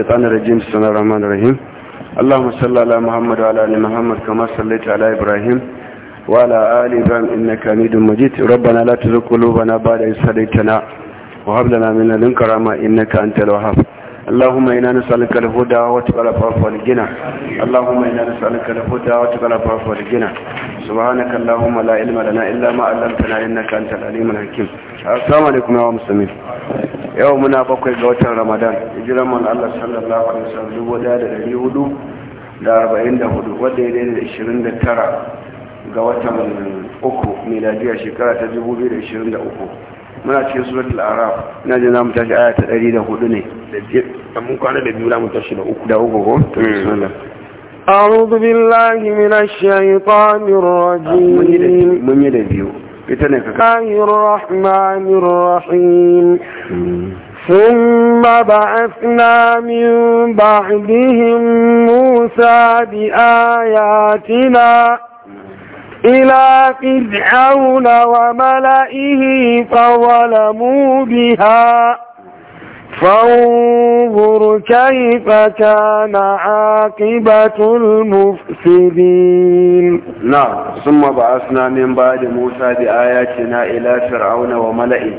الشيطان الرجيم بسم الله الرحمن الرحيم اللهم صل على محمد وعلى ال محمد كما صليت على ابراهيم وعلى ال ابراهيم انك حميد مجيد ربنا لا تزغ قلوبنا بعد إذ هديتنا وهب لنا من لدنك رحمة انك انت الوهاب اللهم انا نسالك الهدى وتقى العفو والغنى اللهم انا نسالك الهدى وتقى العفو والغنى سبحانك اللهم لا علم لنا الا ما علمتنا انك انت العليم الحكيم assalamu alaikum ya musulmi yau muna bakwai ga watan ramadan hijiran man allah sallallahu alaihi wasallam dubu daya da dari hudu da arba'in da hudu wadda daidai da ishirin da tara ga watan uku miladiyar shekara ta dubu biyu da ishirin da uku muna cikin suratul araf ina jin za mu tashi aya ta ɗari da hudu ne da mun kwana da biyu za mu tashi da uku da uku ko to hmm. bismillah أعوذ بالله من الشيطان الرجيم من يدبيو الله الرحمن الرحيم ثم بعثنا من بعدهم موسى بآياتنا إلى فرعون وملئه فظلموا بها فانظر كيف كان عاقبة المفسدين نعم ثم بعثنا من بعد موسى بآياتنا إلى فرعون وملئه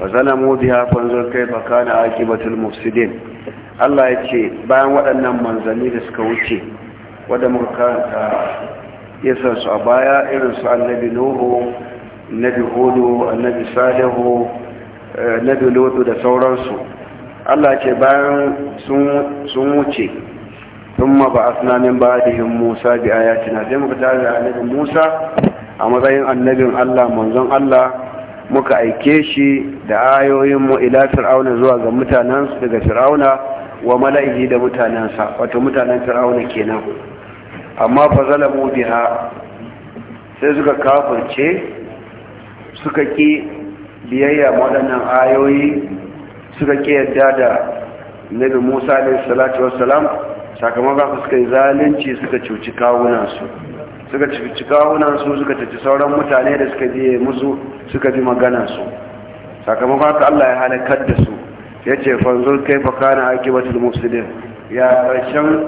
فظلموا بها فانظر كيف كان عاقبة المفسدين الله يتشي بان وأنا منزلين اسكوتي ودمر كانت يسرس أبايا إرس النبي نوح النبي هود النبي صالح النبي لوط da sauransu Allah ce bayan sun wuce sun ba a sunanin ba da musa bi ayatina sai muka tare da annabin musa a matsayin annabin Allah manzon Allah muka aike shi da ayoyin mu ila fir'auna zuwa ga mutanensu daga fir'auna wa mala'iki da mutanensa wato mutanen fir'auna kenan amma fa zalamu biha sai suka kafirce suka ki biyayya waɗannan ayoyi suka ke yadda da nabi musa alaihi salatu wassalam sakamakon suka yi zalunci suka cuci kawunan su, suka cuci kawunan su suka cuci sauran mutane da suka biye musu suka bi su. sakamakon haka allah ya halakar da su ya ce fanzur kai fa kana akibatul musulun ya karshen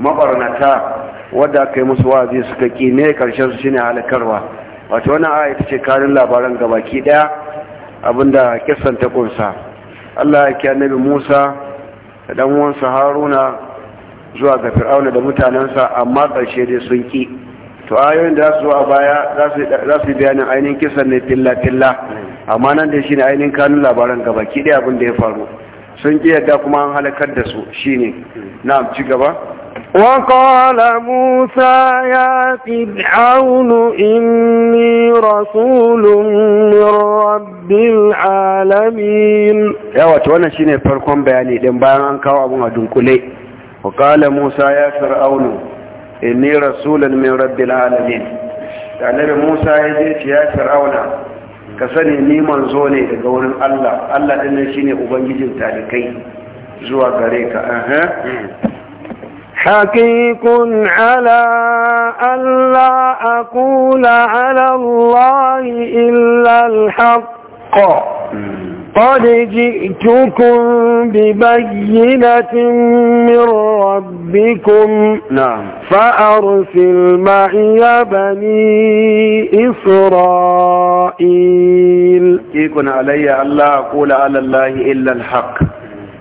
mabarnata wadda aka yi musu wa'azi suka ƙi ne karshen su shine halakarwa wato wani aya ita ce karin labaran gabaki ɗaya abinda kissan ta ƙunsa Allah ya kiya nabi Musa da dan uwansa Haruna zuwa ga Fir'auna da mutanensa amma ƙarshe dai sun ki to ayoyin da su a baya za su bayanin ainihin kisan ne filla filla amma nan da shine ainihin kanun labaran gaba ki abin da ya faru sun ki yadda kuma an halakar da su shine na'am ci gaba وقال موسى يا فرعون إني رسول من رب العالمين يا وتوانا شيني فرقم بياني لنبان أنكاو عدن أدنكولي وقال موسى يا فرعون إني رسول من رب العالمين يعني موسى يجيت يا فرعون ka sani ni manzo الله الله wurin Allah Allah ɗin shine ubangijin talikai zuwa gare ka حقيق على أن لا أقول على الله إلا الحق قد جئتكم ببينة من ربكم نعم فأرسل معي بني إسرائيل يكون علي أن لا أقول على الله إلا الحق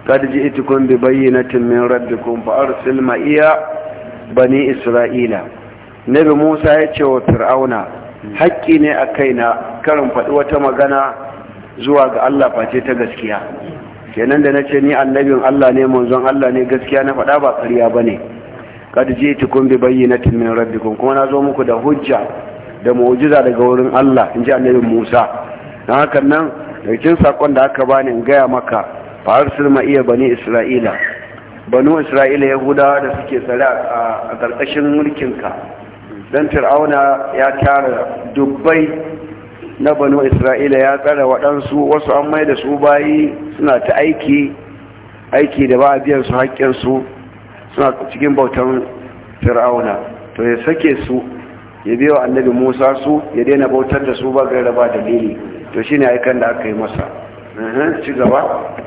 قد جئتكم ببينة من ربكم فأرسل مئيا بني إسرائيل نبي موسى يتشوى فرعون haƙƙi ne a kaina karin faɗi wata magana zuwa ga Allah face ta gaskiya kenan da na ce ni annabin Allah ne manzon Allah ne gaskiya na faɗa ba karya ba ne kad ji'tukum bi bayyinatin min rabbikum kuma na zo muku da hujja da mu'jiza daga wurin Allah in ji annabin Musa Na haka nan dakin sakon da aka bani in gaya maka farsul ma iya bani isra'ila banu isra'ila yahudawa da suke tsare a ƙarƙashin mulkinka don fir'auna ya tara dubbai na banu isra'ila ya tsara waɗansu wasu an mai da su bayi suna ta aiki aiki da ba a biyan su haƙƙinsu suna cikin bautan fir'auna to ya sake su ya biyo annabi musa su ya daina bautar da su ba gaira ba dalili to shine aikan da aka yi masa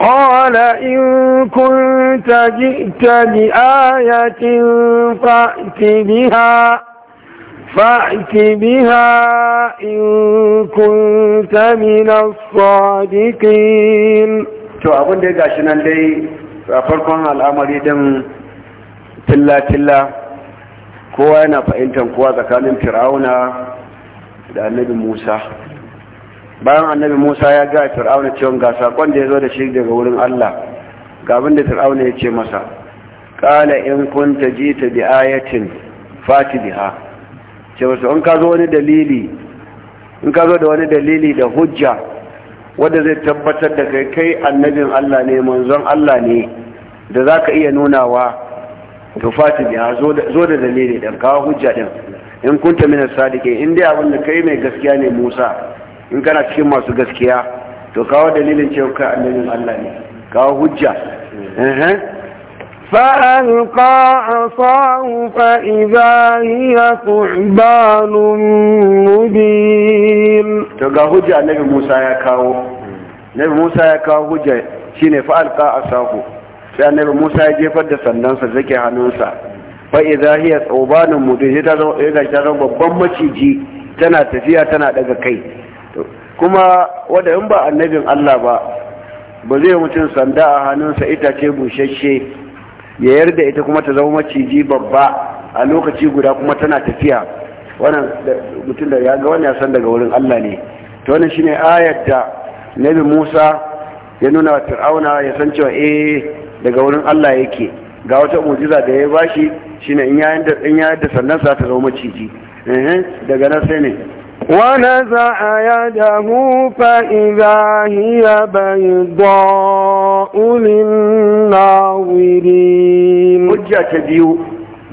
قال إن كنت جئت بآية فأت بها فأت بها إن كنت من الصادقين to abin da ya gashi nan dai a farkon al'amari din tilla kowa yana fahimtar kowa tsakanin fir'auna da annabi musa bayan annabi musa ya ga fir'auna cewa ga sakon da ya zo da shi daga wurin allah ga abin da fir'auna ya ce masa kala in kunta jita bi ayatin fati biha ce wasu in ka zo wani dalili in ka zo da wani dalili da hujja wanda zai tabbatar da kai kai annabin allah ne manzon allah ne da za ka iya nunawa to fati biha zo da dalili ɗin kawo hujja ɗin in kunta minas sadike in dai abin da kai mai gaskiya ne musa in kana cikin masu gaskiya to kawo dalilin cewa kai annabin Allah ne kawo hujja فألقى عصاه فإذا هي ثعبان مبين تقى هجة النبي موسى يكاو النبي موسى يكاو هجة شيني فألقى عصاه sai annabi Musa ya jefar da sandansa zake hannunsa fa idza hiya tsubanun mudin ta babban maciji tana tafiya tana daga kai kuma wadda in ba annabin Allah ba ba zai mutum sanda a hannunsa itace bushashe ya yarda ita kuma ta zama maciji babba a lokaci guda kuma tana tafiya wannan mutum da ya ga wani san daga wurin Allah ne to wannan shine ayar da Nabi Musa ya nuna wa Fir'auna ya san cewa eh daga wurin Allah yake ga wata mu'jiza da ya bashi shine in ya yarda in ya yarda sannan sa ta zama maciji daga nan sai ne ونزع يده فإذا هي بيضاء للناظرين حجة تبيو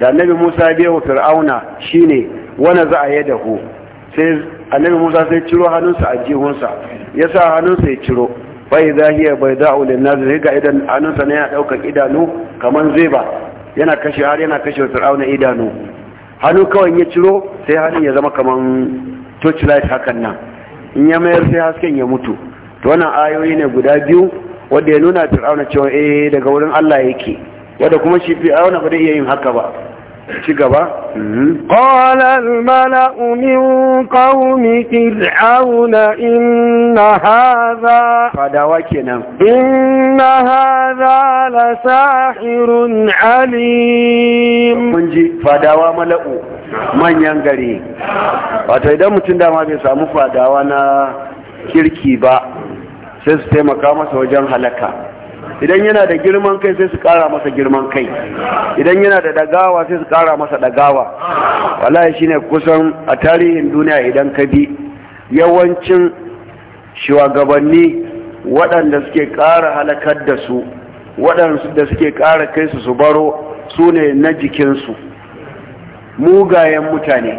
da annabi Musa biya wa Fir'auna shine wana za a yada ku sai annabi Musa sai ciro hannunsa a jihunsa ya sa hannunsa ya ciro bai zahiya bai da'u lin nazir ga idan hannunsa ne yana daukar idanu kaman zeba yana kashe har yana kashe Fir'auna idanu hannu kawai ya ciro sai hannun ya zama kaman torchlight hakan nan in ya mayar sai hasken ya mutu to wannan ayoyi ne guda biyu wanda ya nuna fir'auna cewa eh daga wurin Allah yake wanda kuma shi fir'auna ba zai iya yin haka ba ci gaba mhm. qala al-mala'u min qaumi fir'auna inna hadha fadawa kenan inna hadha la sahirun alim kun ji fadawa mala'u manyan gari wato idan mutum dama bai samu fadawa na kirki ba sai su taimaka masa wajen halaka idan yana da girman kai sai su kara masa girman kai idan yana da dagawa sai su kara masa dagawa wallahi shine kusan a tarihin duniya idan ka bi yawancin shugabanni waɗanda suke ƙara halakar da su waɗanda suke ƙara kai su su baro su ne na jikinsu mugayen mutane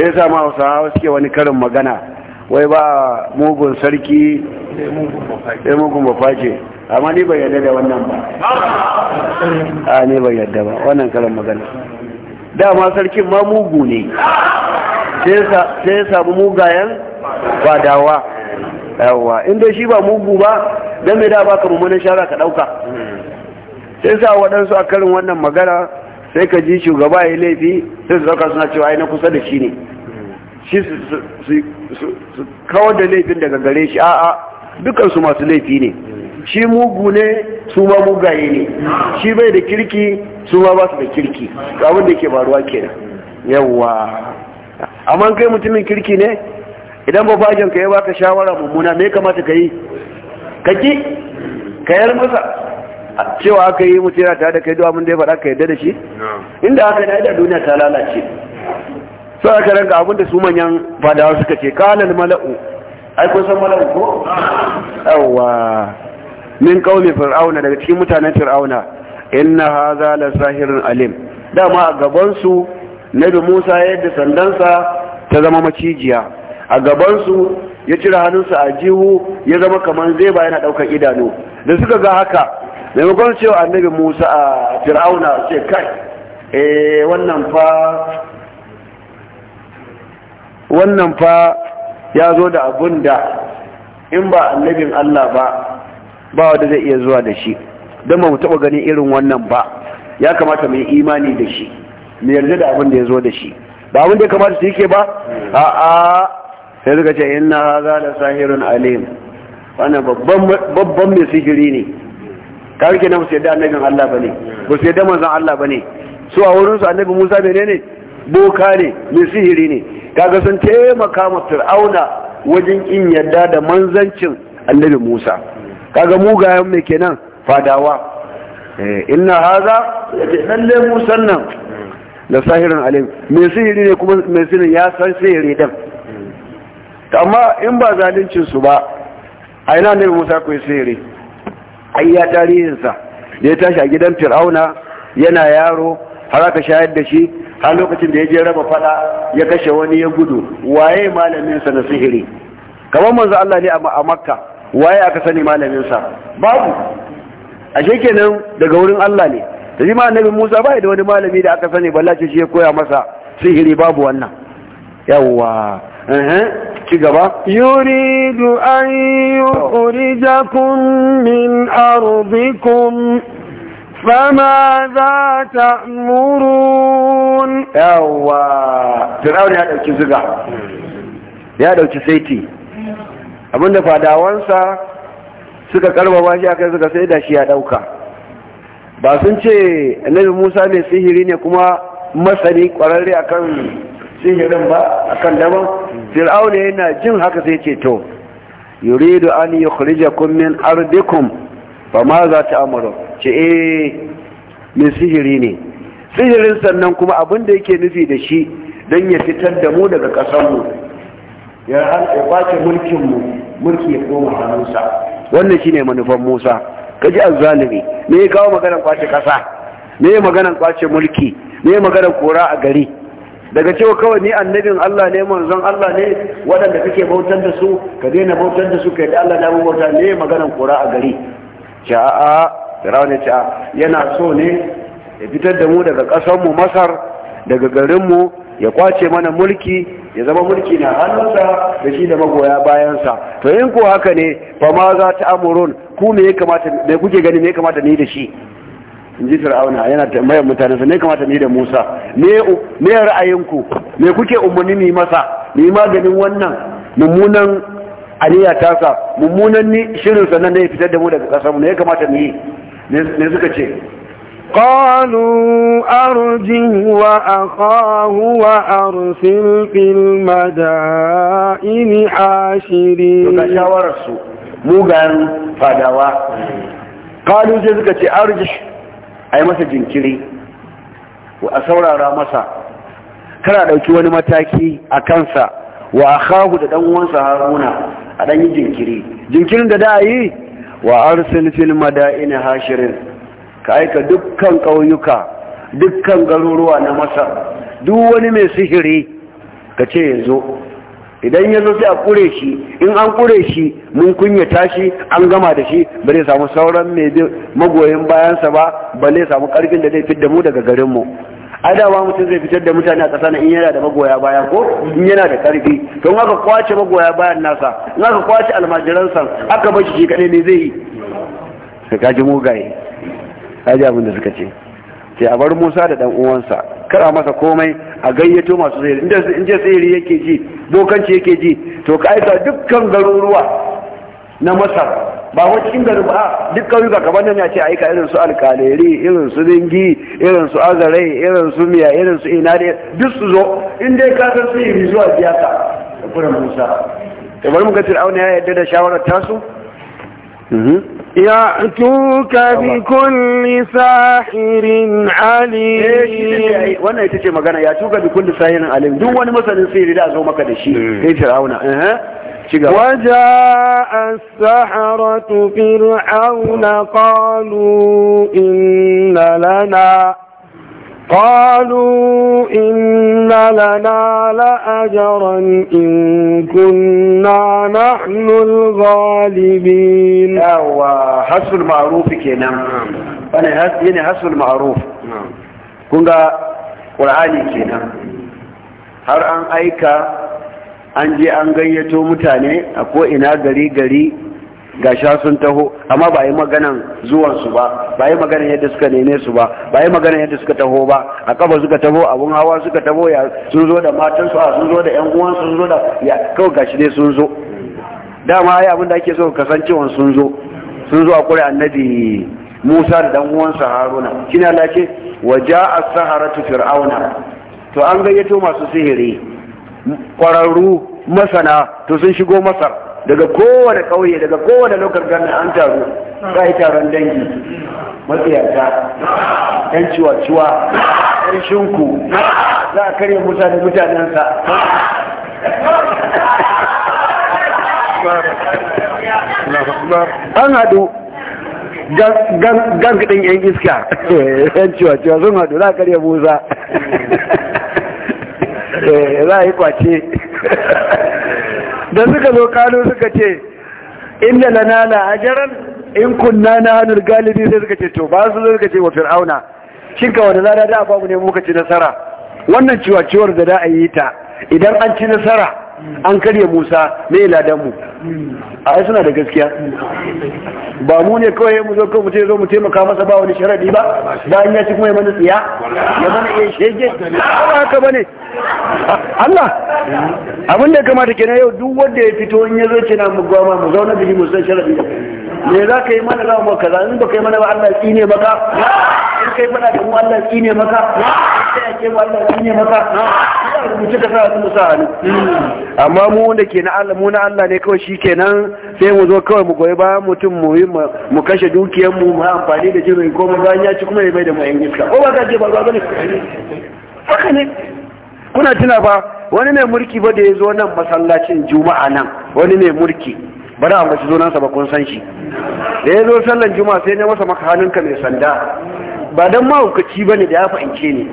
sai sa ma hawa suke wani karin magana wai ba mugun sarki sai mugun bafaje amma ni bai yarda da wannan ba a ne bai yarda ba wannan karin magana dama sarkin ma mugu ne sai samu mugayen fadawa yawwa inda shi ba mugu ba don mai da ka mummunan shara ka dauka sai sa waɗansu a karin wannan magana sai ka ji shugaba ya laifi sai su zaka suna cewa na kusa da shi ne shi su kawar da laifin daga gare shi a'a su masu laifi ne shi mugu ne su ma mugaye ne shi bai da kirki su ma ba su da kirki abin da ke faruwa kenan yawwa amma kai mutumin kirki ne idan ba bajin ka ya baka shawara mummuna me kamata ka yi kaki kayar masa cewa aka yi mutu yana tare da kai duwa mun dai faɗa ka yadda da shi inda aka yi da duniya ta lalace so aka ranka abin da su manyan fadawa suka ce kalal mala'u ai kun san mala'u ko yawa min kauli fir'auna daga cikin mutanen fir'auna inna hadha la sahirun alim dama a gaban su nabi Musa yadda sandansa ta zama macijiya a gaban su ya cire hannunsa a jihu ya zama kamar zai ba yana daukar idanu da suka ga haka maimakon cewa annabi musa a fir'auna ce kai eh, wannan fa ya zo da abun da in ba annabin Allah ba ba wanda zai iya zuwa da shi don ba mu taɓa ganin irin wannan ba ya kamata mu imani da shi mu yarda da abin da ya zo da shi ba abin da ya kamata su yake ba a a sai suka ce ina za da sahirun alim wannan babban mai sihiri ne kawai rike na su yadda annabin Allah bane ba su yadda manzon Allah bane su a wurin su annabi Musa menene boka ne mai sihiri ne kaga sun taimaka ma Fir'auna wajen kin yadda da manzancin annabi Musa kaga mugayen mai kenan fadawa eh, inna haza lalle musa nan da sahirin alim mai sihiri ne kuma mai sihiri ya san sihiri din amma in ba zalincin su ba a ina annabi Musa koyi sihiri ai ya tarihinsa da ya tashi a gidan fir'auna yana yaro har aka shayar da shi har lokacin da ya je raba fada ya kashe wani ya gudu waye malaminsa na sihiri kamar manzo Allah ne a makka waye aka sani malaminsa babu ashe kenan daga wurin Allah ne da shi ma annabi Musa bai da wani malami da aka sani ballace shi ya koya masa sihiri babu wannan yawwa ci gaba yuridu an yukhrijakum min ardikum فماذا تأمرون yawa تراون ya dauki ziga ya dauki Saiti. abinda fadawansa suka karbaba shi aka suka sai da shi ya dauka ba sun ce annabi Musa mai sihiri ne kuma masani kwararre akan sihirin ba kan daban fir'auna yana jin haka sai ce to yuridu an kurija kummin ardikum fa ma za ta amuru ce eh min sihiri ne sihirin sannan kuma abin da yake nufi da shi don ya fitar da mu daga ƙasarmu ya kwace mulkinmu mulki ya koma hannunsa wannan shine manufan musa kaji azzalimi me ya kawo maganar kwace ƙasa me ya maganar kwace mulki me ya maganar kora a gari daga cewa kawai ni annabin Allah ne manzon Allah ne waɗanda kake bautar da su ka daina bautar da su kai da Allah na bauta ne maganan kura a gari sha'a firawa ne yana so ne ya fitar da mu daga mu masar daga garin mu ya kwace mana mulki ya zama mulki na hannunsa da shi da magoya bayansa to in ko haka ne fa ma za ta amurun ku me ya kamata me kuke gani me ya kamata ni da shi in ji fir'auna yana tambayar mutane su ne kamata ni da musa ne ra'ayinku me kuke umarni ni masa ni maganin wannan mummunan aniya tasa mummunan ni shirin sannan ne fitar da mu daga kasar mu ne ya kamata ni ne suka ce قالوا أرجه وأخاه وأرسل في المدائن حاشرين fadawa. قالوا فدوا قالوا ce أرجح a yi masa jinkiri a saurara masa kana ɗauki wani mataki a kansa wa akhahu da ɗan uwansa haruna a ɗan yi jinkiri jinkirin da da yi wa filma fil madaini hashirin ka aika dukkan ƙauyuka dukkan garuruwa na masar duk wani mai sihiri ka ce ya zo idan ya zo sai a kure shi in an kure shi mun kunya tashi an gama da shi ba zai samu sauran mai magoyin bayansa ba ba zai samu karfin da zai fidda mu daga garinmu a dama mutum zai fitar da mutane a ƙasa in yana da magoya baya ko in yana da karfi to in aka kwace magoya bayan nasa in aka kwace almajiransa aka bar shi shi kaɗai ne zai yi ka ji mugaye ka abin da suka ce sai a bar Musa da dan uwansa kara masa komai a gayyato masu sihiri inda in je yake ji dokanci yake ji to ka aika dukkan garuruwa na Masar ba wani cikin garin ba duk kauyuka kamar nan ya ce aika irin su alkaleri irin su dingi irin su azarai irin su miya irin su ina da duk su zo in dai ka san sihiri zuwa siyasa kuma Musa To bari mu ga Fir'auna ya yadda da shawarar tasu Mm-hmm. Eh, يأتوك بكل ساحر عليم wannan ita ce magana ya tuka bi kulli sahirin alim duk wani masanin sihiri da zo maka da shi mm. fir'auna وجاء السحرة فرعون قالوا إن لنا قالوا إن لنا لأجرا إن كنا نحن الغالبين أو حسب المعروف كنا يعني حسب المعروف كنا قرآني كنا har أن aika أنجي je an gayyato mutane غري غري ga sha sun taho amma ba yi maganan zuwansu ba ba yi maganan yadda suka nene su ba ba yi maganan yadda suka taho ba a kafa suka taho abun hawa suka taho ya sun zo da matansu a sun zo da yan uwan sun zo da ya kawai gashi ne sun zo dama ai abin da ake so kasancewan sun zo sun zo a kure annabi Musa da dan uwansa Haruna kina lace waja'a saharatu fir'auna to an gayyato masu sihiri kwararru masana to sun shigo masar daga kowane ƙauye daga kowane lokar gana an taru za a yi taron dangi matsiyarta yan ciwa-ciwa yan shinku za a karye mutane mutanensa an haɗu gan yan iska yan ciwa-ciwa sun haɗu za a karye musa eh, za a yi kwace da suka zo kano suka ce inda lana a jiran in kunna na hannun galibi sai suka ce to ba su suka ce wa fir'auna shin ka wani lada da abamu ne muka ci nasara wannan ciwaciwar da za a yi ta idan an ci nasara an karya musa me ladan mu a suna da gaskiya ba mu ne kawai mu zo kawai mu ce zo mu taimaka masa ba wani sharadi ba bayan ya ci kuma ya mana tsiya ya mana iya shege ba haka ba ne, Allah abin da kamata kenan yau duk wanda ya fito in ya zo ce na mu mu zauna da mu san sharadi me za ka yi mana za mu kaza in ba ka yi mana ba Allah tsine maka in kai mana da mu Allah tsine maka in kai ake mu Allah tsine maka rubuce ka sa su sa hannu amma mu wanda ke na Allah mu na Allah ne kawai shikenan sai mu zo kawai mu goyi bayan mutum mu yi mu kashe dukiyar mu mu amfani da jirgin ko mu bayan ya ci kuma ya bai da mu yan iska ko ba ka je ba ba ne haka ne kuna tuna ba wani mai mulki ba da ya zo nan masallacin juma'a nan wani mai mulki ba na ambaci zo nan sa ba kun san shi da ya zo sallan juma'a sai ne masa maka hannunka mai sanda ba don mahaukaci ba ne da ya fahimce ne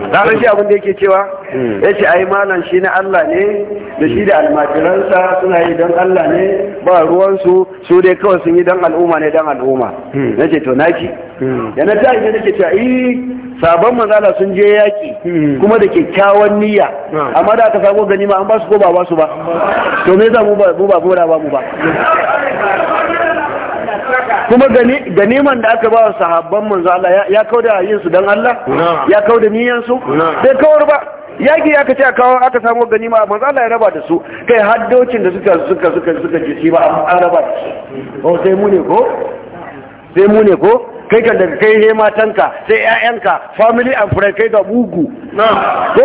ranar shi abin da yake cewa hmm. ya ce ai malam shi na Allah ne da shi da almajiransa suna yi don Allah ne ba ruwansu su dai kawai sun yi don al'umma ne don al'umma hmm. na ce to naki yana hmm. ta yi nake cewa eh sabon manzala sun je yaki kuma da kyakkyawan niyya amma da aka gani ma an ba su ko ba ba su ba to me za mu ba mu ba mu ba kuma ganiman da aka ba wa sahabban manzo Allah ya kauda yin su dan Allah ya kauda niyan su sai kawar ba yaki ya kace a kawo aka samu ganima manzo Allah ya raba da su kai haddocin da suka suka suka suka ji ba an raba da su Ko sai mu ne ko sai mu ne ko kai kan daga kai ne matanka sai ƴaƴanka family and friends kai ga bugu ko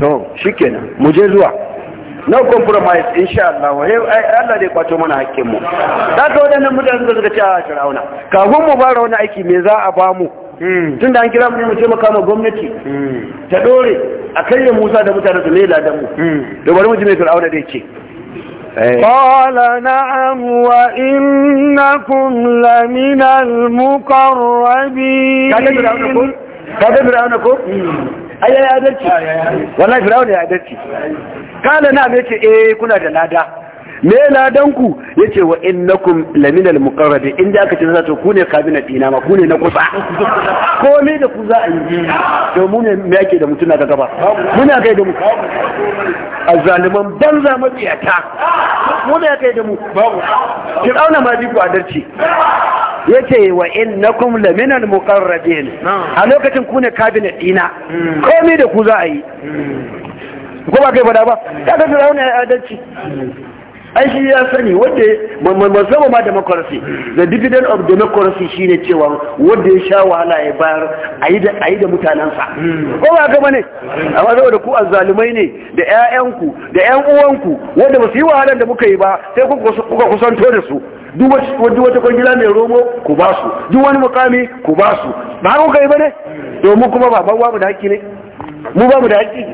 to shikenan mu je zuwa no compromise insha Allah wa Allah zai kwato mana hakkin mu da ga wadannan da suka ci a ah, Firauna kafin mu fara wani aiki me za a ba mu hmm. tunda an kira mu mu taimaka ma gwamnati hmm. ta dore a karya Musa da mutane su ne da mu da hmm. bari mu ji me Firauna da yake قال نعم وإنكم لمن المقربين كذا فرعون كذا فرعون ya adalci wallahi firawun ya adalci kala na me ce eh kuna da lada me ladanku? ya yace wa innakum laminal muqarrabi inda aka ce zato ku ne na dina ma ku ne na kusa komai da ku za a yi to mu ne me yake da mutuna ga gaba muna kai da mu azzaliman banza mabiyata mu ne kai da mu babu firawuna ma bi ku adalci yace wa innakum laminal muqarrabin a lokacin ku ne cabinet dina komai da ku za a yi ko ba kai bada ba ka ga firawuna ya adalci ai shi ya sani wanda musamman ma democracy the dividend of democracy shine cewa wanda ya sha wahala ya bayar a yi da mutanensa ko ba gaba ne amma saboda ku azzalumai ne da 'ya'yanku da 'yan uwanku wanda ba su yi wahalar da muka yi ba sai kuka kusanto da su duk wata kwangila mai romo ku ba su duk wani mukami ku ba su ba kuka yi ba ne domin kuma ba ba mu da haƙƙi ne mu ba mu da haƙƙi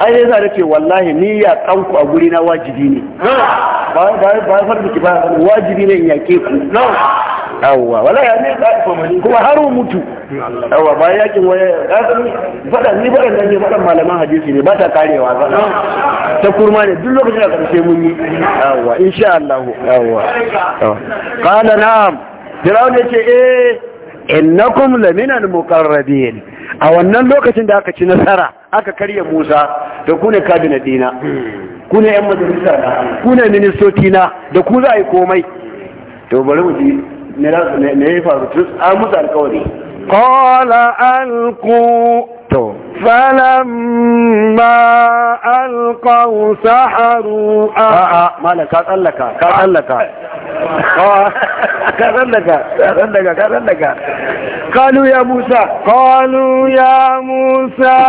ai ne za ce wallahi ni ya kanku a guri na wajibi ne ba ba farbi ki ba wajibi ne ya ke ku yawwa wallahi ne kuma har mutu yawwa ba yakin waya kasan fada ni fada da ke fadan malaman hadisi ne ba ta karewa ba ta kurma ne duk lokacin da karshe mun yi yawwa insha Allah yawwa qala na'am firawun yace eh innakum lamina al-muqarrabin a wannan lokacin da aka ci nasara aka karya musa da ku ne kabinet dina ku yan majalisa na ku ministoci na da ku za a yi komai to bari mu ji me ya faru tus a musa alkawari قال ألقوا فلما ألقوا سحروا أه, آه، مالك كاتلك كاتلك كاتلك كاتلك قالوا يا موسى قالوا يا موسى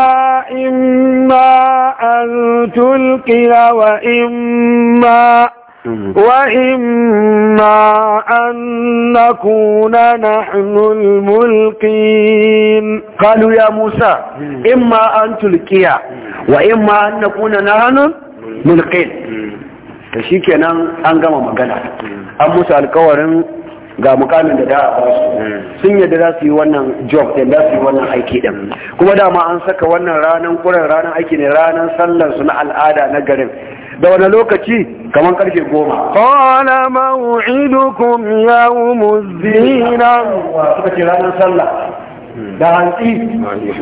إما أن تلقي وإما وإما أن نكون نحن الملقين قالوا يا موسى إما أن تلقيا وإما أن نكون نحن mulkin ta shi kenan an gama magana an ga mukamin da da a basu sun yadda za su yi wannan job da za su yi wannan aiki din kuma dama an saka wannan ranar kuren ranar aiki ne ranar sallar su na al'ada na garin da wani lokaci kamar karfe goma qala maw'idukum yawmuz zina suka ce ranar sallah da hantsi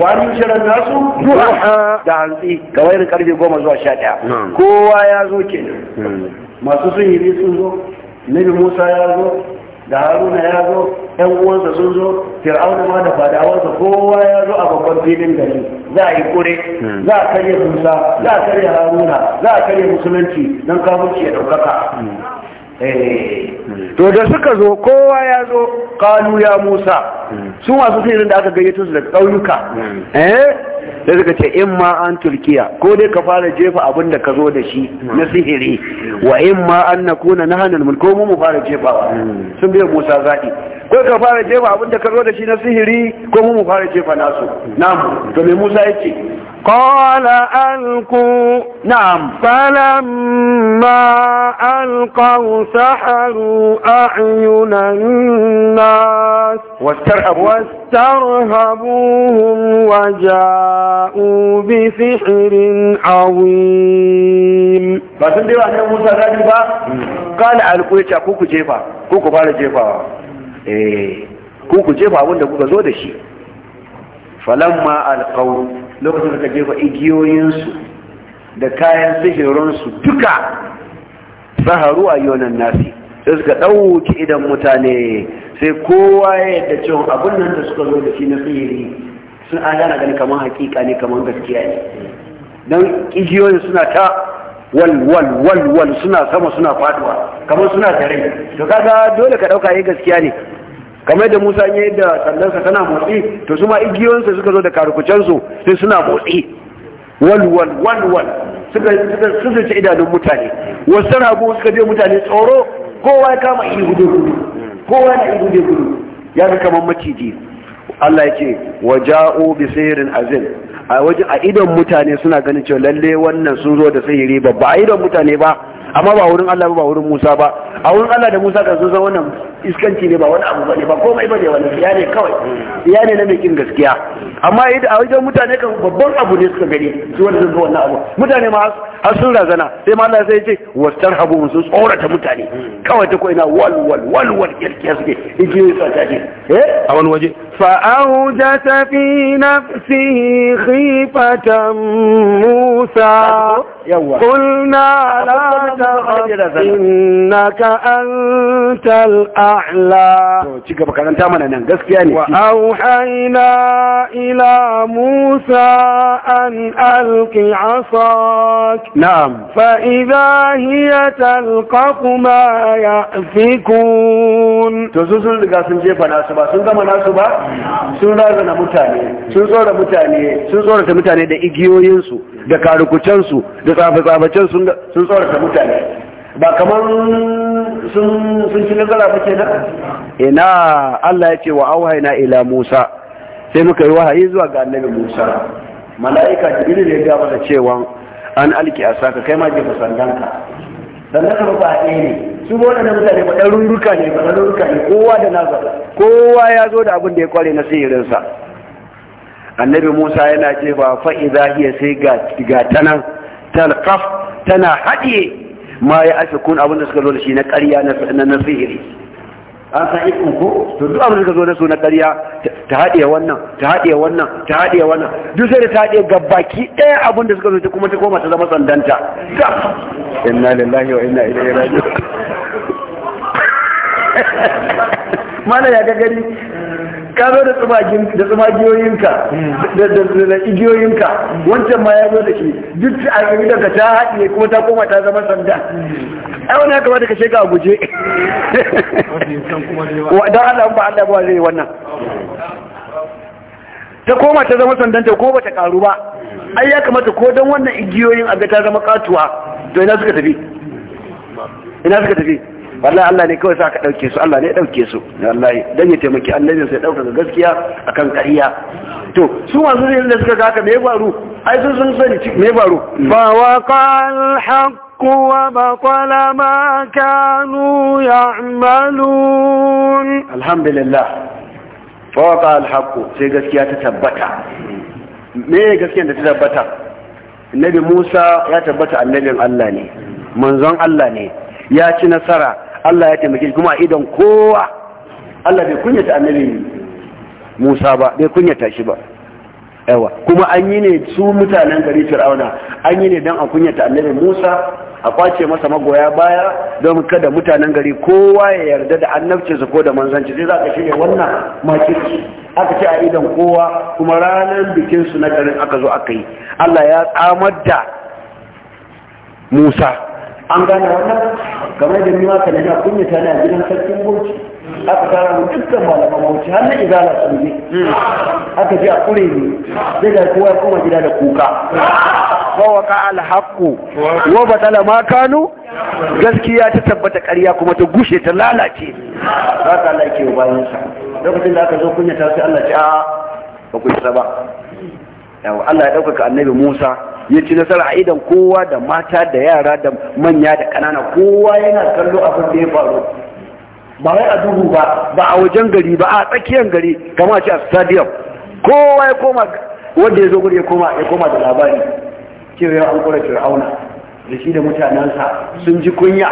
wani shirar nasu duha da hantsi ga wani karfe goma zuwa sha ɗaya kowa ya zo ke hmm. masu sun yi sun zo nabi musa ya zo da haruna ya zo yan uwansa sun zo fir'auna ma da fadawansa kowa ya zo a babban filin gari za a yi kure hmm. za a karya musa za a karya haruna za a karya musulunci don kamunci ya ɗaukaka hmm. eh. to da suka zo kowa ya zo kanu ya musa hmm. su masu filin da aka gayyato su da ƙauyuka eh sai suka ce in ma an turkiya ko dai ka fara jefa abin da ka zo da shi na sihiri wa in ma an na kuna na hannun mulko mu mu fara jefawa sun biya musa zaɗi ko ka fara jefa abin da ka zo da shi na sihiri ko mu mu fara jefa nasu namu to me musa yake قال ألقوا نعم فلما ألقوا سحروا أعين الناس واسترهبوا واسترهبوهم وجاءوا بسحر عظيم فسن دي واحد موسى ذاتي با قال ألقوا يتشاكوكو جيفا كوكو بالا جيفا إيه كوكو جيفا وندكوكو زودشي فلما ألقوا lokacin da ka jefa igiyoyinsu da kayan sihirinsu duka zaharu a yonan nasi sai suka ɗauki idan mutane sai kowa ya yadda cewa abin nan da suka zo da shi na sihiri sun an yana gani kamar hakika ne kamar gaskiya ne don igiyoyin suna ta wal-wal-wal-wal, suna sama suna faduwa kamar suna tare to kaga dole ka ɗauka yi eh, gaskiya ne kamar da musa ya yi da sandansa tana motsi to su ma igiyoyinsa suka zo da karukucensu sai suna motsi walwal walwal suka suka ce idanun mutane wasu rabu suka je mutane tsoro kowa ya kama iya gudu gudu kowa ya iya gudu gudu ya ga kamar maciji Allah ya ce wa ja'u bi sayrin azim a wajen a idan mutane suna ganin cewa lalle wannan sun zo da sihiri babba a idan mutane ba amma ba wurin Allah ba wurin Musa ba a wurin Allah da Musa kan zuwa wannan iskanci ne ba wani abu bane ba komai bane wani siya ne kawai siya ne na mai kin gaskiya amma idan a wajen mutane kan babban abu ne suka gani su wanda zuwa wannan abu mutane ma har sun razana sai ma Allah sai ya ce Habu sun tsorata mutane kawai ta ko ina wal wal wal wal kirkiya suke ta eh a wani waje فأوجس في نفسه خيفة موسى قلنا لا تخف إنك أنت الأعلى وأوحينا إلى موسى أن ألق عصاك نعم فإذا هي تلقف ما يأفكون تزوزن لقاسم جيبا ناسبا سنقم ناسبا sun razana mutane sun tsora mutane sun tsorata mutane da igiyoyinsu da karukucensu da tsafe-tsafacen sun tsorata mutane ba kamar sun ci nazara ba kenan ina Allah ya ce wa auhaina ila Musa sai muka yi wahayi zuwa ga annabi Musa mala'ika jibril ya ga da cewa an alki asaka kai ma jefa sandanka sandanka ba ɗaya ne su bo da mutane ba rurruka ne ba rurruka ne kowa da nasa kowa ya zo da abin da ya kware na sihirinsa annabi musa yana ce ba fa'iza hiya sai ga ga tanan talqaf tana haɗiye ma ya ashe kun abin da suka zo da shi na ƙarya na sihiri an san ikon ko to duk abin da suka zo da su na ƙarya ta haɗiye wannan ta haɗiye wannan ta haɗiye wannan duk sai da ta haɗiye gabaki, ɗaya abin da suka zo ta kuma ta koma ta zama sandanta inna lillahi wa inna ilaihi raji'un mana ya ga gari ka zo da tsumagiyoyinka da igiyoyinka wancan ma ya zo da shi duk a gari ka ta haɗiye kuma ta koma ta zama sanda ai wani haka wata ka sheka a guje don Allah ba Allah ba zai wannan ta koma ta zama sandanta ko ba ta karu ba ai ya kamata ko don wannan igiyoyin a ga ta zama katuwa to ina suka tafi ina suka tafi wallahi Allah ne kawai sa ka dauke su Allah ne ya dauke su wallahi dan ya taimaki annabi sai dauka gaskiya akan kariya to su masu yin da suka kaka me faru ai sun sun sani me faru fa qal haqq wa batala ma kanu ya'malun alhamdulillah fa qal haqq sai gaskiya ta tabbata me gaskiya da ta tabbata annabi Musa ya tabbata annabin Allah ne manzon Allah ne ya ci nasara Allah ya taimake shi kuma idan kowa Allah bai kunyata annabi Musa ba bai kunyata shi ba aiwa kuma an yi ne su mutanen gari Fir'auna an yi ne dan a kunyata annabi Musa a kwace masa magoya baya don kada mutanen gari kowa ya yarda da su ko da manzanci sai za ka shirya wannan makirci aka ce a idan kowa kuma ranar bikinsu na garin aka zo aka yi Allah ya tsamar da Musa an gane wannan kamar da ni ma kana na kunya ta na gidan sarkin bauchi aka tara mu dukkan malaman bauchi har na izala su ne aka ji a kure ne sai ga kowa ya koma gida da kuka wa waka al haqqu wa batala ma kanu gaskiya ta tabbata ƙarya kuma ta gushe ta lalace za ka Allah ke bayan sa lokacin da aka zo kunya ta sai Allah ce a ba ku isa ba yawa Allah ya ɗaukaka annabi Musa ya ci nasara a idan kowa da mata da yara da manya da kanana kowa yana kallo abin da ya faru ba wai a duhu ba ba a wajen gari ba a tsakiyar gari kama ce a stadium kowa ya koma wanda ya zo gudu ya koma da labari cewa an kura fir'auna da shi da mutanensa sun ji kunya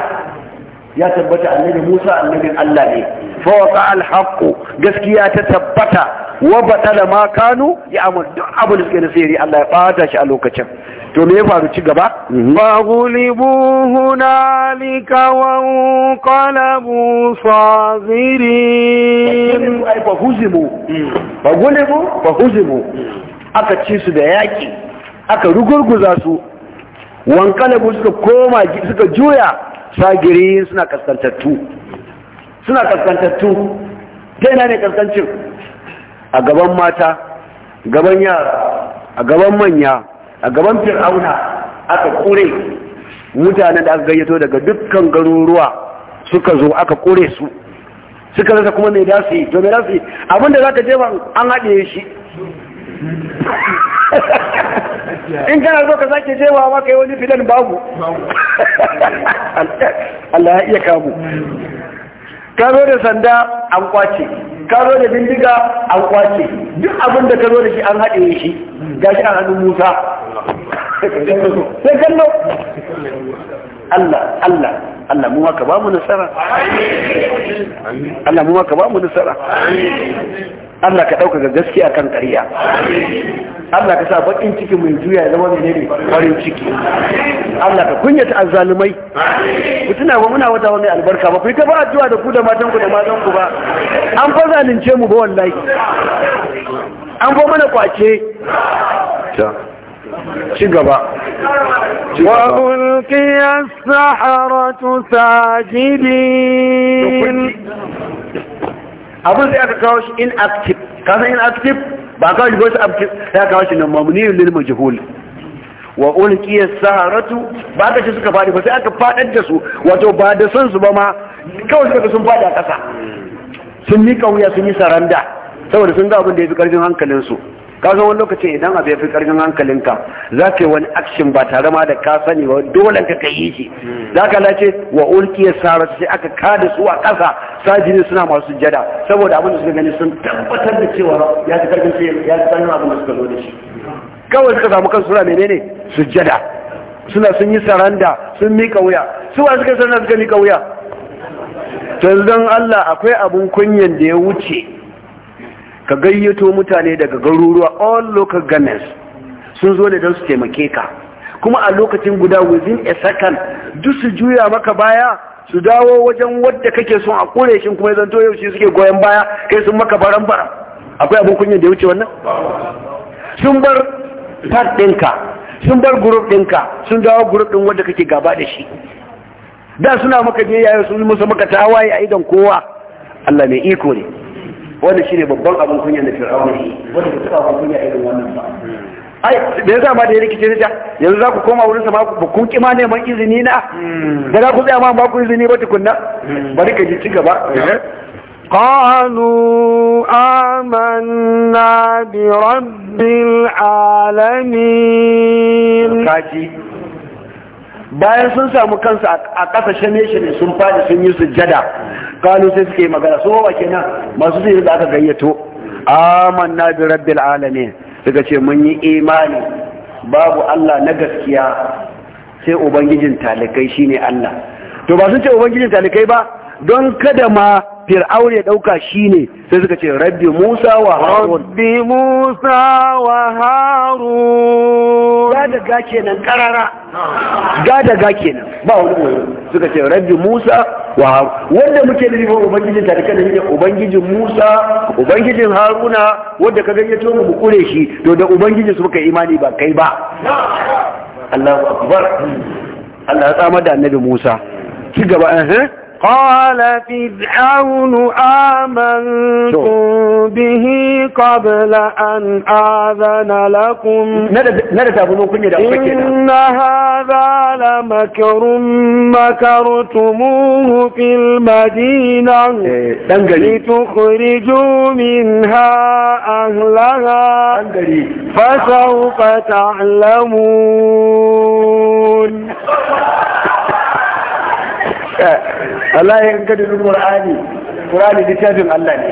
ya tabbata annabi Musa annabin Allah ne fa waqa al haqq gaskiya ta tabbata wa batala ma kanu ya amur duk abu da suke nasiri Allah ya fata shi a lokacin to me ya faru ci gaba wa mhm. ghulibu hunalika wa qalabu sazirin ai fa huzimu mm. fa ghulibu fa huzimu mm. aka ci su da yaki aka rugurguza su wankalabu suka koma suka juya Sagiri suna kaskantattu suna kaskantattu ta ina ne kaskancin a gaban mata gaban yara a gaban manya a gaban fir'auna aka kure mutanen da aka gayyato daga dukkan garuruwa suka zo aka kure su suka zata kuma mai yi, to mai yi abinda za ka je an haɗe shi in kana zo ka sake jewa ma kai wani filan babu Allah ya iya kamu ka zo da sanda an kwace ka zo da bindiga an kwace duk abin da ka zo da shi an haɗe shi shi an hannun Musa sai kallo Allah Allah Allah mu haka ba mu nasara Allah mu haka ba mu nasara Allah ka ɗaukaka gaskiya kan ƙarya Allah ka sa baƙin ciki mai juya zama mai ne farin ciki Allah ka kunyata azzalumai ku tuna ba muna wata wani albarka ba ku yi ta ba addu'a da ku da matan da matanku ba an fa zalunce mu ba wallahi an fa mana kwace ci gaba وألقي السحرة ساجدين abin sai aka kawo shi inactive kasan inactive ba kawo shi voice active sai aka kawo shi na mamuniyar lil majhul wa ulqiya saharatu ba ka ce suka fadi ba sai aka fadar da su wato ba da son su ba ma kawai suka sun fadi a kasa sun mika wuya sun yi saranda saboda sun ga abin da ya fi karfin hankalinsu kaga wani lokaci idan abu ya fi karfin hankalinka za ka yi wani action ba tare ma da ka sani ba dole ka yi shi hmm. za ka lace wa ulkiya sara sai aka kada su a ƙasa sajini suna masu jada saboda abin da suka gani sun tabbatar da cewa ya fi karfin sai ya fi karfin abin da suka zo da shi kawai suka samu kan sura menene jada suna sun yi saranda sun mika wuya su ba suka sanar suka mika wuya to yanzu don Allah akwai abun kunyan da ya wuce ka gayyato mutane daga garuruwa all local governments sun zo ne don su taimake ka kuma a lokacin guda within a second duk su juya maka baya su dawo wajen wadda kake son a kore shi kuma ya zanto shi suke goyon baya kai sun maka baran bara akwai abin kunya da ya wuce wannan sun bar part ɗinka sun bar group ɗinka sun dawo group ɗin wadda kake gaba da shi da suna maka je sun musu maka tawaye a idan kowa Allah mai iko ne wannan shine babban abin kunya na fir'auna wanda ba abin kunya irin wannan ba ai da yasa ma da ya rikice ta yanzu za ku koma wurin sa ba ku kima neman izini na da hmm. za ku tsaya ma ba ku izini ba tukunna hmm. bari ka ji ci gaba قالوا آمنا برب العالمين kaji bayan sun samu kansa a ƙasashen ne sun fadi sun yi sujjada kalu sai suke magana su wa kenan masu sihiri da aka gayyato amanna bi rabbil alamin suka ce mun yi imani babu Allah na gaskiya sai ubangijin talikai shine Allah to ba sun ce ubangijin talikai ba don kada ma fir'aun ya dauka shine sai suka ce rabbi musa wa harun rabbi musa wa harun ga daga kenan karara ga daga kenan ba wani suka ce rabbi musa wa harun wanda muke da rifon ubangijin ta da ne ubangijin musa ubangijin haruna wanda ka gayyato mu mu kure shi to da ubangijin su muka imani ba kai ba Allahu akbar Allah ya tsama da annabi Musa ci gaba eh, eh. قال فرعون آمنتم به قبل أن آذن لكم إن هذا لمكر مكرتموه في المدينة إيه، لتخرجوا منها أهلها فسوف تعلمون Eh, Allah ya ga da Qur'ani Qur'ani littafin Allah ne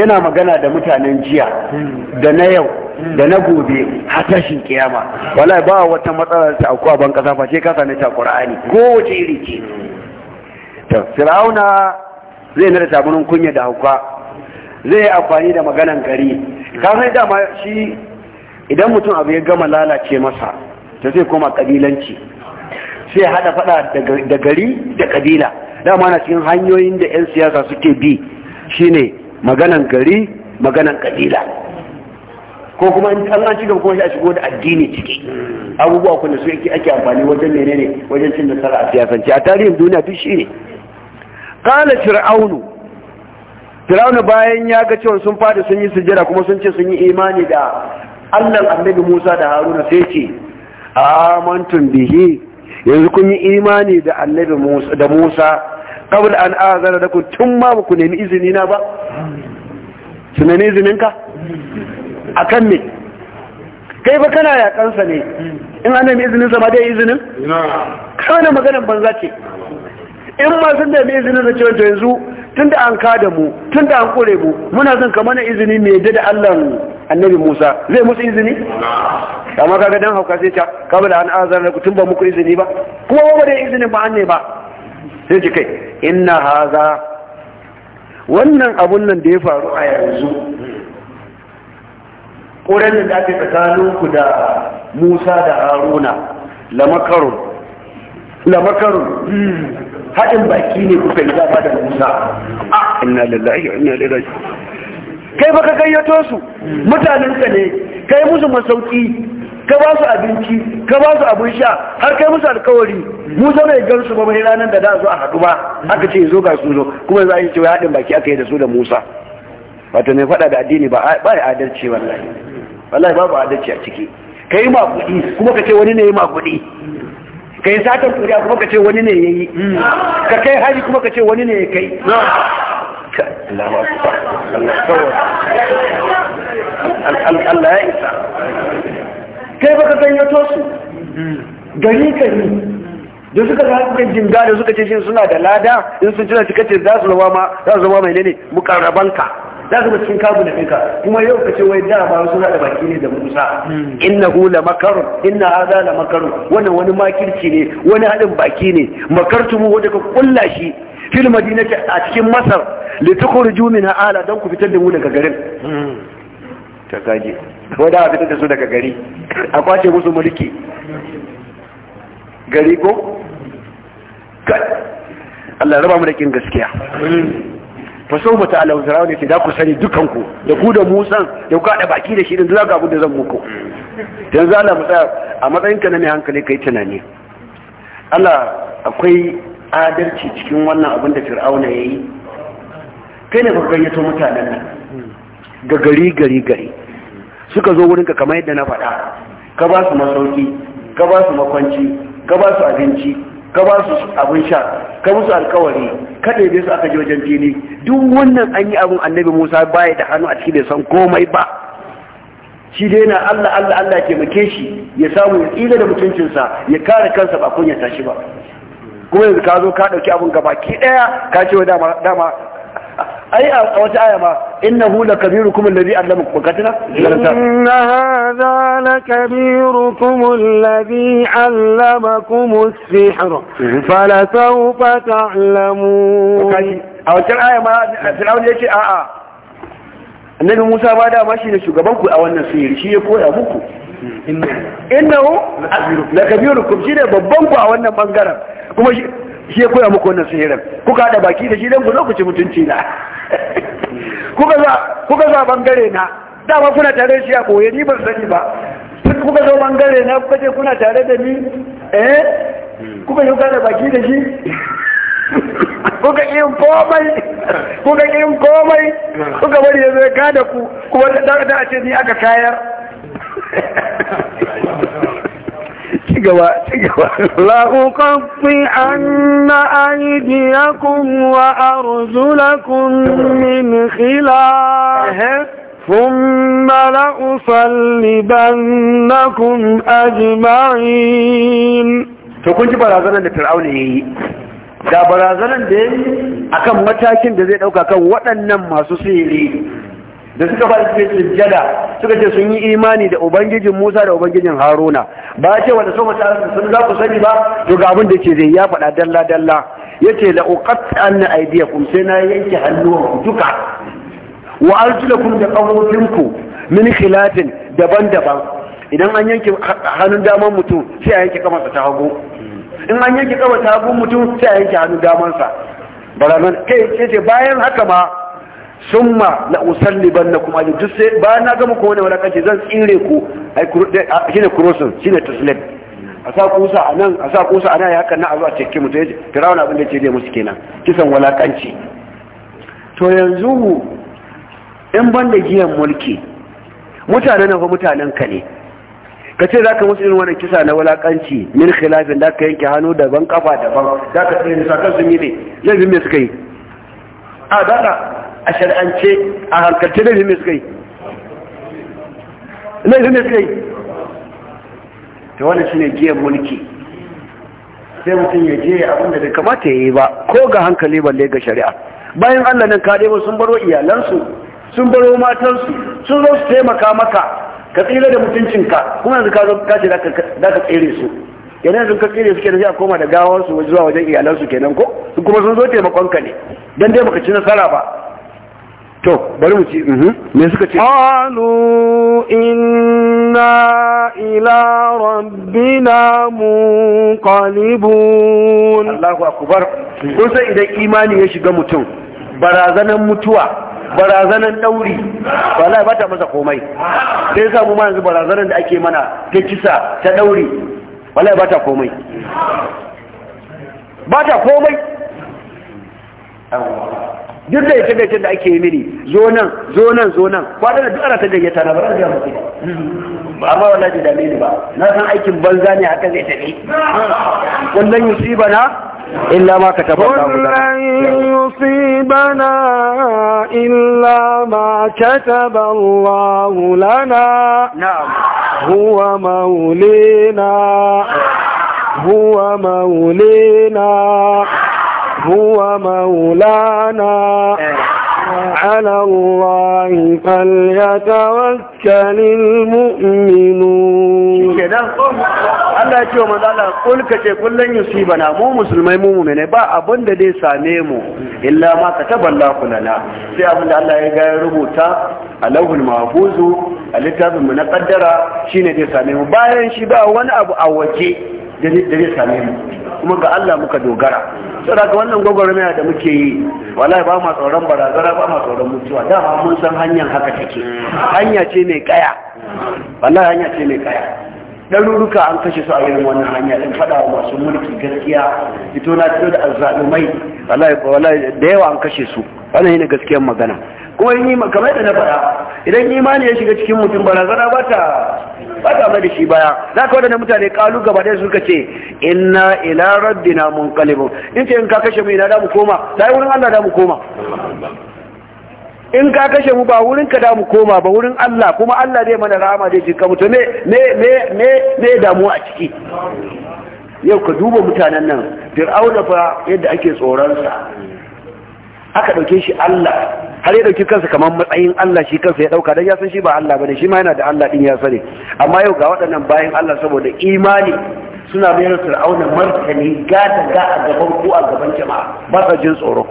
yana magana da mutanen jiya da na yau da na gobe hatashin tashin kiyama wallahi ba wata matsala ta auku a ban kasa ce kasa na ta Qur'ani ko wace iri ce to Firauna zai nada tabunin kunya da hauka zai amfani da maganan gari ka da dama shi idan mutum abu ya gama lalace masa to zai koma kabilanci sai hada fada da gari da kabila dama na cikin hanyoyin da 'yan siyasa suke bi shine maganan gari maganan kabila ko kuma an an ci gaba kuma shi a shigo da addini ciki abubuwa kuma su yake ake amfani wajen menene wajen cin nasara a siyasance a tarihin duniya duk shi ne. qala fir'aunu fir'aunu bayan ya ga cewa sun fada sun yi sujjada kuma sun ce sun yi imani da Allah annabi Musa da Haruna sai ce amantum bihi yanzu kun yi imani da annabi Musa da Musa qabl an azara ku tun ma ku nemi izini na ba su nemi izinin ka akan me kai ba kana yakan sa ne in annabi nemi izinin sa ma dai izinin kana magana banza ce in ma sun da mai izinin da cewa yanzu tun da an kada mu tun da an kure mu muna son kamar na izini mai yadda da Allah annabi Musa zai musu izini amma kaga dan hauka sai ta kabla an azar ku tun ba muku izini ba kuma ba da izinin ba an ne ba sai ji kai inna haza wannan abun nan da ya faru a yanzu ƙoran da ake ku da Musa da Haruna lamakarun lamakarun hmm. haɗin baki ne kuka yi zaba da musa a inna lillahi wa inna ilaihi kai baka gayyato su mutanen ka ne kai musu masauki ka ba su abinci ka ba su abin sha har kai musu alkawari musa bai gan su ba mai ranar da da su a haɗu ba aka ce zo ga su zo kuma za a yi cewa haɗin baki aka yi da su da musa wato mai faɗa da addini ba ba ya adalci wallahi wallahi babu adalci a ciki ka yi kuɗi kuma ka ce wani ne ya yi kuɗi. ka yi satan kuriya kuma ka ce wani ne ya yi hmm. ka kai hari kuma ka ce wani ne ya kai Allah ya isa kai baka ganyato su hmm. gari gari da suka za kai jinga da suka ce shi suna da lada in sun cina suka za su zama mai ne mukarrabanka za su cikin kabu da ɗinka kuma yau ka ce wai da ba suna da baki ne da musa hmm. innahu la makarun inna hadha la makarun wannan wani makirci ne wani haɗin baki ne makartumu wanda ka kulla shi fil madinati a cikin masar li tukhruju min ala dan ku fitar da mu daga garin hmm. ta kaje wanda a fitar da su daga gari a kwace musu mulki gari ko Allah ya raba mu da kin gaskiya hmm. fasau sau mata ala firawun ce za ku sani dukanku da ku da musan da ku haɗa baki da shi da za ga abin da zan muku don za mu tsaya a matsayin ka na mai hankali yi tunani Allah akwai adalci cikin wannan abin da fir'auna ya yi kai ne ka gayyato mutanen nan ga gari gari gari suka zo wurinka kamar yadda na faɗa ka ba su masauki ka ba su makwanci ka ba su abinci ka ba su abin sha ka musu alkawari ka ɗebe su aka ji wajen fili duk wannan an yi abin annabi musa baya da hannu a ciki bai san komai ba shi dai na allah allah allah ke make shi ya samu ya tsira da mutuncinsa ya kare kansa ba ya tashi ba kuma yanzu ka zo ka ɗauki abin gaba ki ɗaya ka ce wa dama ai a wata aya ma innahu lakabirukum alladhi allamakum katina inna hadha lakabirukum alladhi allamakum as-sihr mhm. fala sawfa ta'lamun a wata aya ma Fir'aun yace a a annabi Musa ma da ma shi ne shugaban a wannan sihiri ya koya muku mhm. shi ne babban ku a wannan bangaren shi ya koya muku wannan sihirin kuka haɗa baki da shi don ku zo ku ci mutunci na kuka za bangare na dama kuna tare shi a koye ni ban sani ba kuka zo bangare na kuka ce kuna tare da ni eh kuka yi da baki da shi kuka yi komai kuka yi komai kuka bari ya zai gada ku kuma da a ce ni aka kayar gaba ci gaba la uqatti anna aydiyakum wa arjulakum min khilaf ثم لأصلبنكم أجمعين to kun ji barazanar da fir'auna ya yi da barazanar da yayi akan matakin da zai ɗauka kan waɗannan masu sihiri da suka ba su sujjada suka ce sun yi imani da ubangijin Musa da ubangijin Haruna ba ce wanda so mata sun za ku sani ba to ga abin da ke zai ya faɗa dalla dalla yace la uqattanna aydiyakum sai na yanke hannuwanku duka wa arjulakum da ku min khilafin daban-daban idan an yanke hannun daman mutum sai a yanke kamarsa ta hagu in an yanke kamar ta hagu mutum sai a yanke hannun damansa baranan kai ce bayan haka ma summa la usallibannakum ajma'in duk sai ba na gama ku wannan walakanci zan tsire ku ai eh, ah, shine crossin shine taslim a sa kusa a nan a sa kusa a nan ya haka na a zuwa cikin mutu ya ce firawun abin da ce ne musu kenan kisan walakanci to yanzu in ban da giyan mulki mutane na fa mutanen ka ne ka ce za ka musu irin wannan kisa na walakanci min khilafin da ka yanke hannu daban kafa daban za ka tsaye da sakan sun yi ne zai bi me suka yi a daɗa a shari'ance, a hankalce da mai suka yi laifin kai suka yi ta wani shi ne giyan mulki sai mutum ya je abinda da kamata ya yi ba ko ga hankali balle ga shari'a bayan allah nan kare ba sun baro iyalansu sun baro matansu sun zo su taimaka maka ka tsira da mutuncinka kuma yanzu ka zo ka ce za ka tsere su yana yanzu ka tsere su kenan sai a koma da gawarsu zuwa wajen iyalansu kenan ko kuma sun zo taimakonka ne don dai baka ci nasara ba to bari mu ci mhm. me suka ce qalu inna ila rabbina munqalibun Allahu akbar kun san idan imani ya shiga mutum barazanan mutuwa barazanan dauri wallahi ba ta masa komai sai sa mu ma yanzu barazanan da ake mana ta kisa ta dauri wallahi ba ta komai ba ta komai duk da yake gaicen da ake yi mini zo nan zo nan zo nan kwadana duk ana ta gayyata na bara da mutu ba amma wallahi da dame ni ba na san aikin banza ne haka zai tafi kullun yusibana illa ma kataba Allahu lana yusibana illa ma kataba Allah lana na'am huwa maulina huwa maulina هو مولانا على الله فليتوكل المؤمنون Allah ya ce wa manzala kul ka ce kullun yusibana mu musulmai mu ne, ba abin da zai same mu illa ma kataballahu lana sai abin da Allah ya ga ya rubuta a lauhul mahfuzu a littafin mu na ƙaddara shine zai same mu bayan shi ba wani abu a waje dare same mu kuma ga Allah muka dogara saboda ga wannan gwagwarmaya da muke yi wallahi ba ma tsoron barazana ba ma tsoron mutuwa dama mun san hanyar haka take hanya ce mai kaya wallahi hanya ce mai kaya ɗaruruka an kashe su a irin wannan hanya ɗin faɗa wa masu mulki gaskiya fito na fito da azzalumai da yawa an kashe su wannan ne gaskiyar magana kuma yi kamar da na faɗa idan imani ya shiga cikin mutum barazana ba ta ba ta mai da shi baya za ka wadanda mutane ƙalu gaba ɗaya suka ce inna ila rabbina munqalibun in ce in ka kashe mu ina da mu koma yi wurin Allah da mu koma in ka kashe mu ba wurin ka damu koma ba wurin Allah kuma Allah zai mana rahama zai jinka mutu me me me damuwa a ciki yau ka duba mutanen nan fir'auna fa yadda ake tsoronsa aka ɗauke shi Allah har ya ɗauki kansa kamar matsayin Allah shi kansa ya ɗauka don ya san shi ba Allah ba ne shi ma yana da Allah ɗin ya sani amma yau ga waɗannan bayan Allah saboda imani suna mayar fir'auna martani gata ga a gaban ku a gaban jama'a ba sa jin tsoro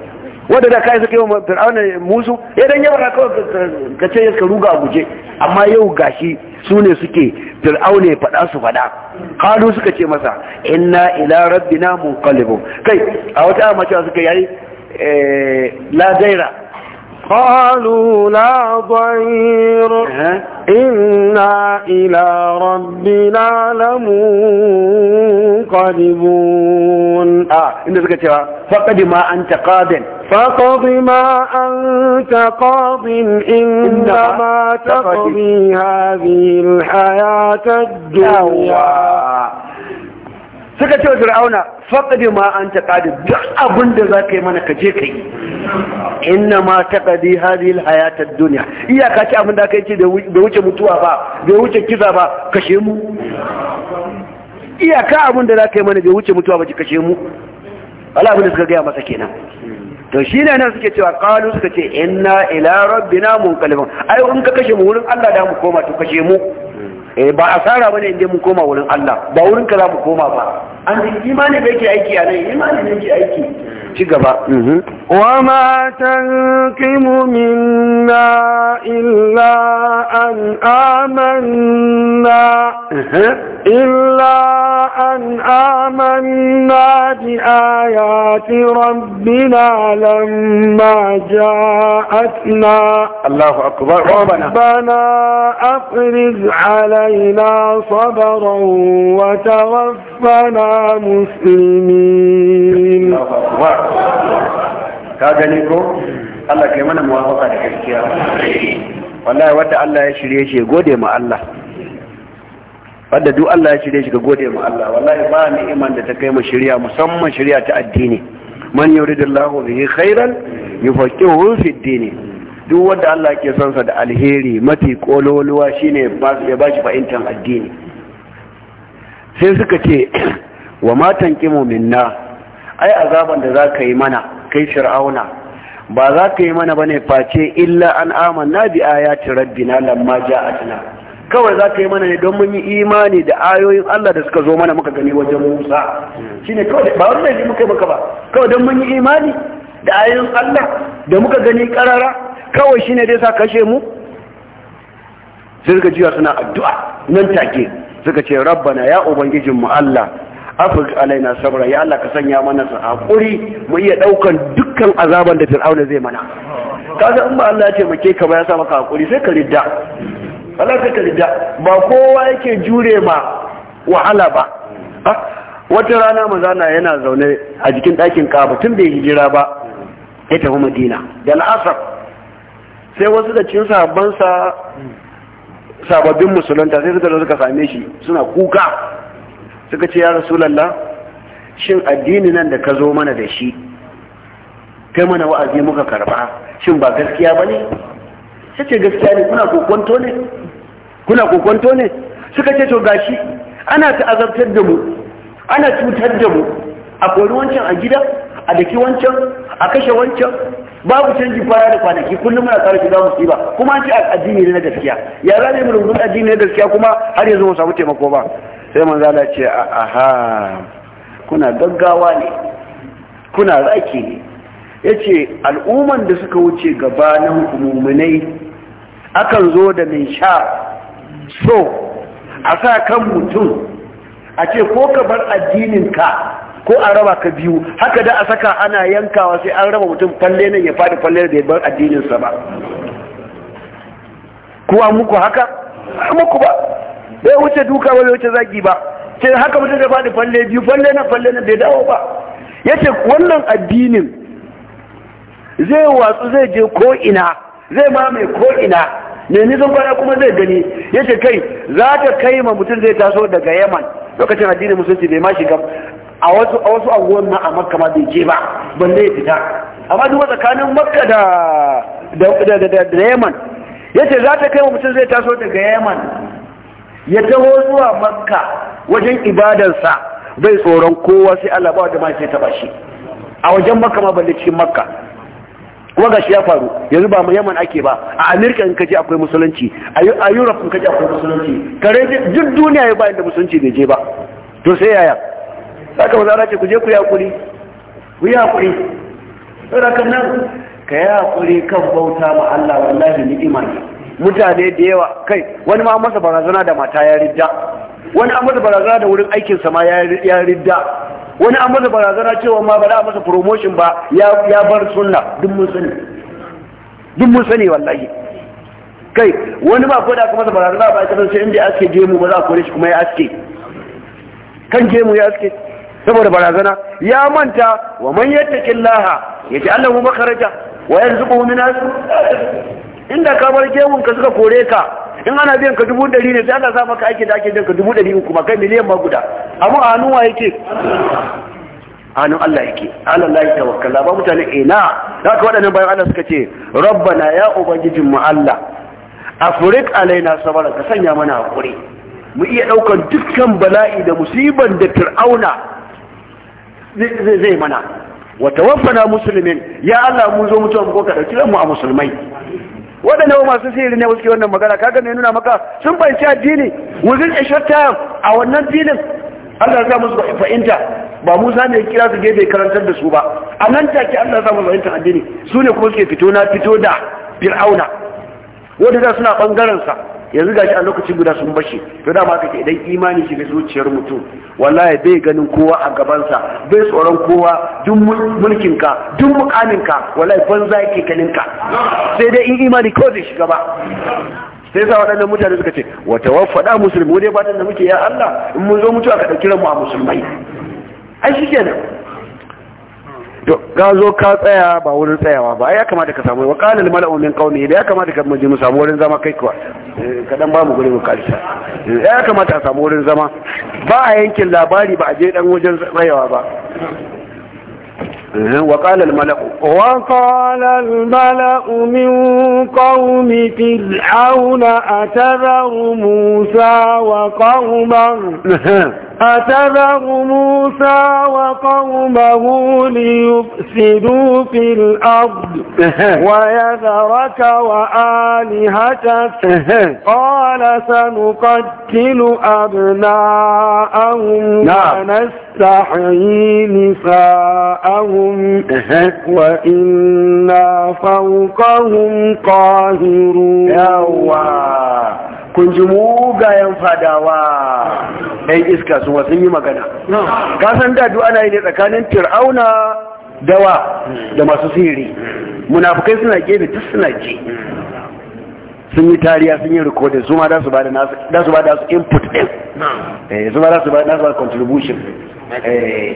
wanda da kai suka yi wa fir'auna musu ya dan yaba kawai ka ce ka ruga a guje amma yau gashi su ne suke fir'auna ya faɗa su faɗa kalu suka ce masa inna ila rabbina munqalibun kai a wata mace suka yayi eh, la gaira قالوا لا ضير إنا إلى ربنا لمنقلبون آه إنت سكتوا فقد ما أنت قاض فقض ما أنت قاض إنما تقضي هذه الحياة الدنيا suka ce fir'auna faqdi ma anta qadir duk abin da zaka yi mana ka je kai inna ma taqdi hadhihi alhayat ad-dunya iyaka ce abin da kai ce da wuce mutuwa ba da wuce kiza ba kashe mu iyaka abin da zaka yi mana bai wuce mutuwa ba ji kashe mu Allah abin da suka gaya masa kenan to shi ne nan suke cewa kalu suka ce inna ila rabbina munqalibun ai in ka kashe mu wurin Allah da mu koma to kashe mu eh ba asara bane inda mun koma wurin Allah ba wurin ka za mu koma ba an ji imani da yake aiki a nan imani ne yake aiki جبا وما تنقم منا الا ان آمنا الا ان آمنا بايات ربنا لما جاءتنا الله اكبر ربنا أفرز علينا صبرا وتوفنا مسلمين ka gani ko Allah kai mana muwafaka da gaskiya wallahi wanda Allah ya shirye shi gode ma Allah wanda duk Allah ya shirye shi ga gode ma Allah wallahi ba ni'iman da ta kai mu shirya musamman shirya ta addini man yuridillahu bihi khairan yufaqihu fi dini duk wanda Allah ke son sa da alheri mafi kololuwa shine ba ya shi fahimtar addini sai suka ce wa matan kimo minna ai azaban da zaka yi mana kai fir'auna ba za ka yi mana bane face illa an amanna bi ayati rabbina lamma ja'atna kawai za ka yi mana ne don mun yi imani da ayoyin Allah da suka zo mana muka gani wajen Musa shine kawai ba wani ne muka maka ba kawai don mun yi imani da ayoyin Allah da muka gani karara kawai shine dai sa kashe mu sai suka jiya suna addu'a nan take suka ce rabbana ya ubangijin mu Allah afir alaina sabra ya Allah ka sanya mana hakuri mu iya ɗaukan dukkan azaban da fir'auna zai mana kaga in ba Allah ya taimake ka ba ya sa maka hakuri sai ka ridda Allah sai ka ridda ba kowa yake jure ma wahala ba ah, wata rana mazana yana zaune a jikin ɗakin kaba tun bai hijira ba ya tafi madina da la'asar sai wasu da cin sabansa sababbin musulunta sai suka zo suka same shi suna kuka suka ce ya rasulallah shin addini nan da ka zo mana da shi kai mana wa'azi muka karba shin ba gaskiya ba ne sai ce gaskiya ne kuna kokonto ne kuna kokonto ne suka ce to gashi ana ta'azabtar da mu ana cutar da mu a kori wancan a gida a daki wancan a kashe wancan babu canji kwana da kwanaki kullum muna tsara shiga musiba kuma an ce addini ne na gaskiya ya za mu rungumi addini na gaskiya kuma har yanzu mu samu taimako ba sai da ce aha kuna gaggawa ne kuna raki ne ya ce al'umman da suka wuce gaba na hukumunai akan zo da mai sha so a sa kan mutum a ce ko ka bar addininka ko a raba ka biyu haka da a saka ana yankawa sai an raba mutum falle nan ya faɗi falle da ya bar addininsa ba kuwa muku haka muku ba bai wuce duka ba bai wuce zagi ba ce haka mutum da faɗi falle biyu falle na falle na bai dawo ba ya ce wannan addinin zai watsu zai je ko'ina zai mamaye ko'ina mai nisan kwana kuma zai gani ya ce kai za ta kai ma mutum zai taso daga yaman lokacin addinin musulunci bai ma shiga a wasu a wasu anguwan ma a makka ma bai je ba balle ya fita amma duk tsakanin makka da da da yaman ya ce za ta kai ma mutum zai taso daga yaman ya taho zuwa makka wajen ibadarsa bai tsoron kowa sai Allah ba da ma sai taba shi a wajen makka ma balle cikin makka kuma shi ya faru yanzu ba mu yaman ake ba a amerika in kaje akwai musulunci a europe in kaje akwai musulunci kare duk duniya ya bayan da musulunci bai je ba to sai yaya saka wazara ce ku je ku yi hakuri ku yi hakuri sai kan nan ka yi hakuri kan bauta ma Allah wallahi ni'ima ne mutane da yawa kai wani ma masa barazana da mata ya ridda wani an masa barazana da wurin aikinsa ma ya ridda wani an masa barazana cewa ma ba za a masa promotion ba ya bar sunna duk mun sani duk mun sani wallahi kai wani ba ko da aka masa barazana ba ya sai inda aske gemu ba za a kore shi kuma ya aske kan gemu ya aske saboda barazana ya manta wa man yattaqillaha yaj'al lahu makaraja wa yarzuquhu min hasbi inda ka bar gemun ka suka kore ka in ana biyan ka dubu ɗari ne sai ana sa maka aikin da ake biyan ka dubu ɗari uku ma kai miliyan ma guda amma a hannun wa yake hannun Allah yake Allah ya tawakkala ba mutane ina da ka waɗannan bayan Allah suka ce rabbana ya ubangijin mu Allah afrik alaina sabara ka sanya mana hakuri mu iya ɗaukar dukkan bala'i da musiban da fir'auna zai mana wata tawaffana musulmin ya Allah mun zo mutuwa mu ko ka ɗauki mu a musulmai waɗanda masu sihiri ne suke wannan magana kaga mai nuna maka sun fahimci addini within a short a wannan filin Allah ya musu fahimta ba Musa ne kira su gefe karantar da su ba a nan take Allah ya musu fahimta addini su ne kuma suke fito na fito da Fir'auna wanda suna bangaren sa yanzu gashi a lokacin guda sun bashi to da ma kake idan imani shiga zuciyar mutum wallahi bai ganin kowa a gabansa bai tsoron kowa duk mulkin ka duk mukamin ka wallahi banza yake ganin ka sai dai in imani ko zai shiga ba sai sa waɗannan mutane suka ce wata tawaffada muslimu wani ba da muke ya Allah in mun zo mutuwa ka ɗauki mu a musulmai ai shi kenan to ka zo ka tsaya ba wurin tsayawa ba ya kamata ka samu wa mala'u min qawmi da ya kamata ka mu samu wurin zama kai kuwa eh, ka dan ba mu gurin kalisa eh, ya kamata ka samu wurin zama ba a yankin labari ba a je dan wajen tsayawa ba وقال الملأ وقال الملأ من قوم فرعون musa موسى وقومه أتذر موسى وقومه ليفسدوا في الأرض ويذرك وآلهتك قال سنقتل أبناءهم نعم. ونستحيي نساءهم وإنا فوقهم قاهرون kun ji mugayen fadawa ɗan iska sun wasu yi magana kasan du'a na yi ne tsakanin fir'auna dawa da masu sihiri munafukai suna gefe duk suna ji sun yi tariya sun yi rikodin su ma da su ba da su input ɗin eh, su ma da su ba da su ba contribution eh,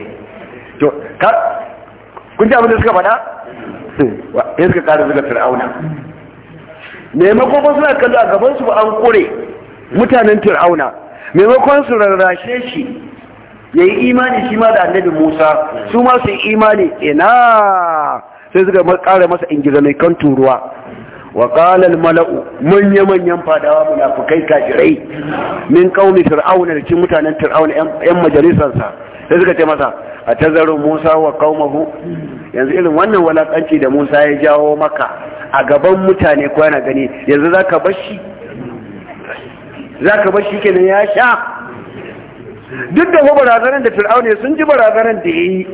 kun ji abin da suka faɗa? ya mm. suka ƙara zuga fir'auna maimakon ba suna kallo a gaban su ba an kure mutanen fir'auna maimakon su rarrashe shi ya yi imani shi ma da annabi musa su ma su yi imani ina sai suka kara masa ingiza kan turuwa wa mala'u manya-manyan fadawa munafukai kafirai min kaumi fir'auna da cikin mutanen fir'auna 'yan majalisarsa sai suka ce masa a tazarin musa wa kaumahu yanzu irin wannan walakanci da musa ya jawo maka a gaban mutane ko yana gani yanzu za ka bashi za ka bashi kenan ya sha duk da barazanar da fir'aune sun ji barazanar da ya yi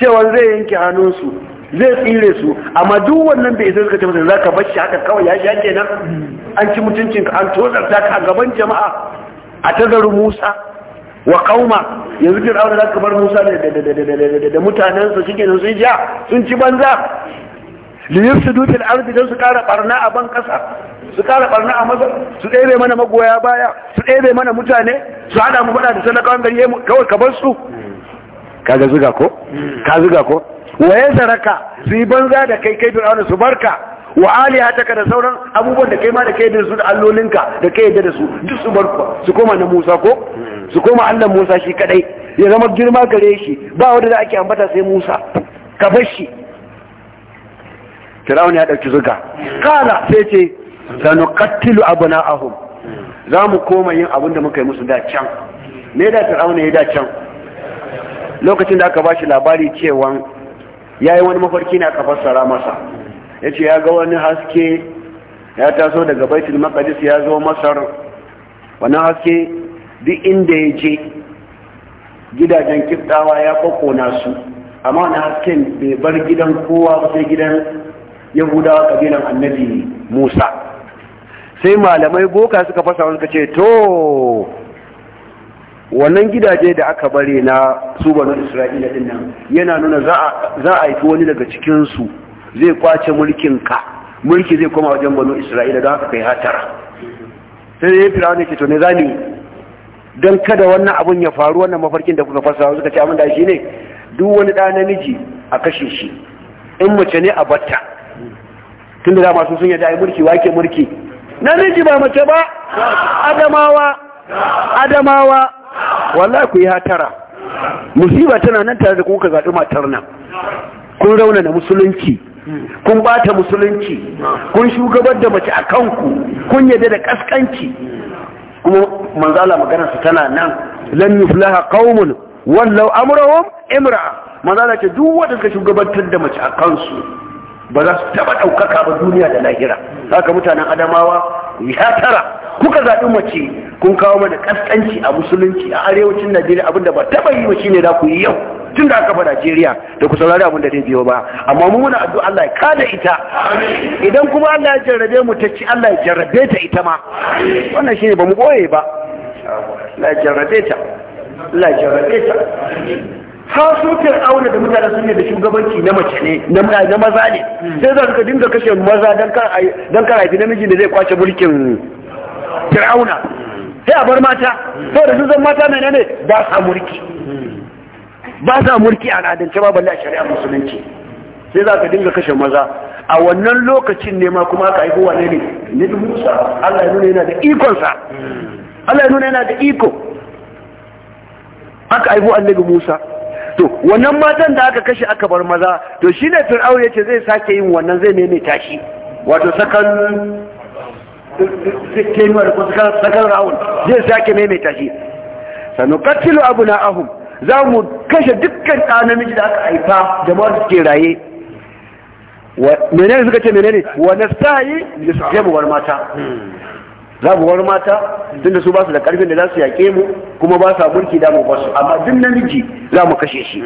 cewa zai yanke hannunsu zai tsire su amma duk wannan bai isa suka ce masa za ka bashi haka kawai ya sha kenan an ci mutuncinka an tozarta ka a gaban jama'a a tazarin musa wa kauma yanzu fir'auna za ka bar Musa da mutanensa shi kenan sun ja sun ci banza yin su dutse arzi don su kara barna a ban kasa su kara barna a masar su ɗebe mana magoya baya su ɗebe mana mutane su haɗa mu faɗa da sadakawan gari kawai ka bar su ga ziga ko hmm. ka zuga ko waye zaraka su yi banza da kai kai fir'auna su barka wa alihataka da sauran abubuwan da kai ma da kai da su da allolinka da kai da su duk su bar su koma na Musa ko su koma Allah Musa shi kadai ya zama girma gare shi ba wanda za a ake ambata sai Musa ka bar shi Firaun ya dauki zuga kala sai ce qatilu abna'ahum za mu koma yin abin da muka yi musu da can me da Firaun ya da can lokacin da aka bashi shi labari cewa yayi wani mafarki ne aka fassara masa ya ce ya ga wani haske ya taso daga baitul maqdis ya zo masar wani haske duk inda ya je gidajen kiftawa ya kokona su amma wani hasken bai bar gidan kowa ba sai gidan yahudawa kabilan annabi musa sai malamai boka suka fasa wani suka ce to wannan gidaje da aka bare na su banu isra'ila din nan yana nuna za a haifi wani daga cikinsu zai kwace mulkinka mulki zai koma wajen banu isra'ila don haka kai hatara sai dai firawun yake to ne za ni don kada wannan abun ya faru wannan mafarkin da kuka fassara suka ce abin da shi ne duk wani ɗa namiji a kashe shi in mace ne a batta tun da masu sun yadda ai mulki wake mulki namiji ba mace ba adamawa adamawa wallahi ku yi hatara musiba tana nan tare da kuka zaɓi matar nan kun rauna raunana musulunci kun bata musulunci kun shugabar da mace a kanku kun yadda da kaskanci kuma manzala su tana nan lan yuflaha qaumun wallau amrahum imra manzala ce duk wanda suka shugabantar da mace a kansu ba za su taba daukaka ba duniya da lahira haka mutanen adamawa ya tara kuka zaɓi mace kun kawo mana kaskanci a musulunci a arewacin najeriya abinda ba taba yi ba shine za ku yi yau tun da aka fa Najeriya da ku saurari abin da zai biyo ba amma mu muna addu'a Allah ya kada ita idan kuma Allah ya jarrabe mu ta ci Allah ya jarrabe ta ita ma wannan shine ba mu goye ba Allah ya jarrabe ta Allah ya jarrabe ta har su da mutane sun ne da shugabanci na mace ne na maza ne hmm. sai za su ka dinga kashe maza don kar haifi namiji da zai kwace mulkin fir'auna hmm. sai a bar mata hmm. saboda sun zan mata mai ne ba sa mulki ba sa mulki a al'adance ba balle a shari'a musulunci sai za ka dinga kashe maza a wannan lokacin ne ma kuma aka haifi ne ne da musa allah ya nuna yana da ikonsa allah ya nuna yana da iko aka haifi annabi musa to wannan matan da aka kashe aka bar maza to shi ne fir'au ya ce zai sake yin wannan zai neme tashi wato sakan kenuwar ko sakan ra'un zai sake maimaita shi sanu katilu abu na ahun za mu kashe dukkan ɗa namiji da aka haifa ma da ke raye menene suka ce menene da su lisjamu war mata za mu war mata da su ba su da karfin da za su yaƙe mu kuma ba sa mulki da mu ba su amma duk namiji za mu kashe shi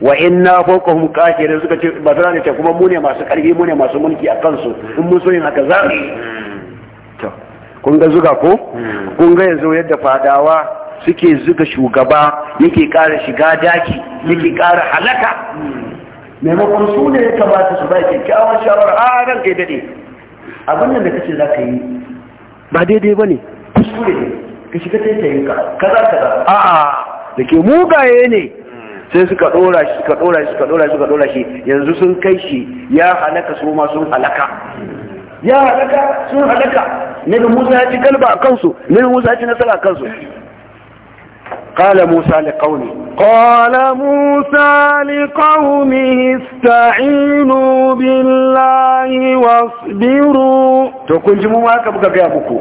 wa inna fawqahum qahirin suka ce ba za ne ta kuma mu ne masu karfi mu ne masu mulki a kansu in mun so yin haka za mu kun ga zuga ko hmm. kun ga yanzu yadda fadawa suke zuga shugaba yake ƙara shiga daki yake ƙara halaka maimakon su ne ya kamata su ba kyakkyawan shawarar a ran kai dade abin da kace za ka yi ba daidai ba ne kuskure ne ka shiga taitayin ka kaza kaza a'a da ke mugaye ne sai suka dora shi suka dora shi suka dora shi suka dora shi yanzu sun kai shi ya halaka su ma sun halaka ya halaka sun halaka ne da musa ya ci galba a kansu ne da musa ya ci nasara a kansu قال موسى لقومه قال موسى لقومه استعينوا بالله واصبروا تكون جمعوا هكا يا قابكو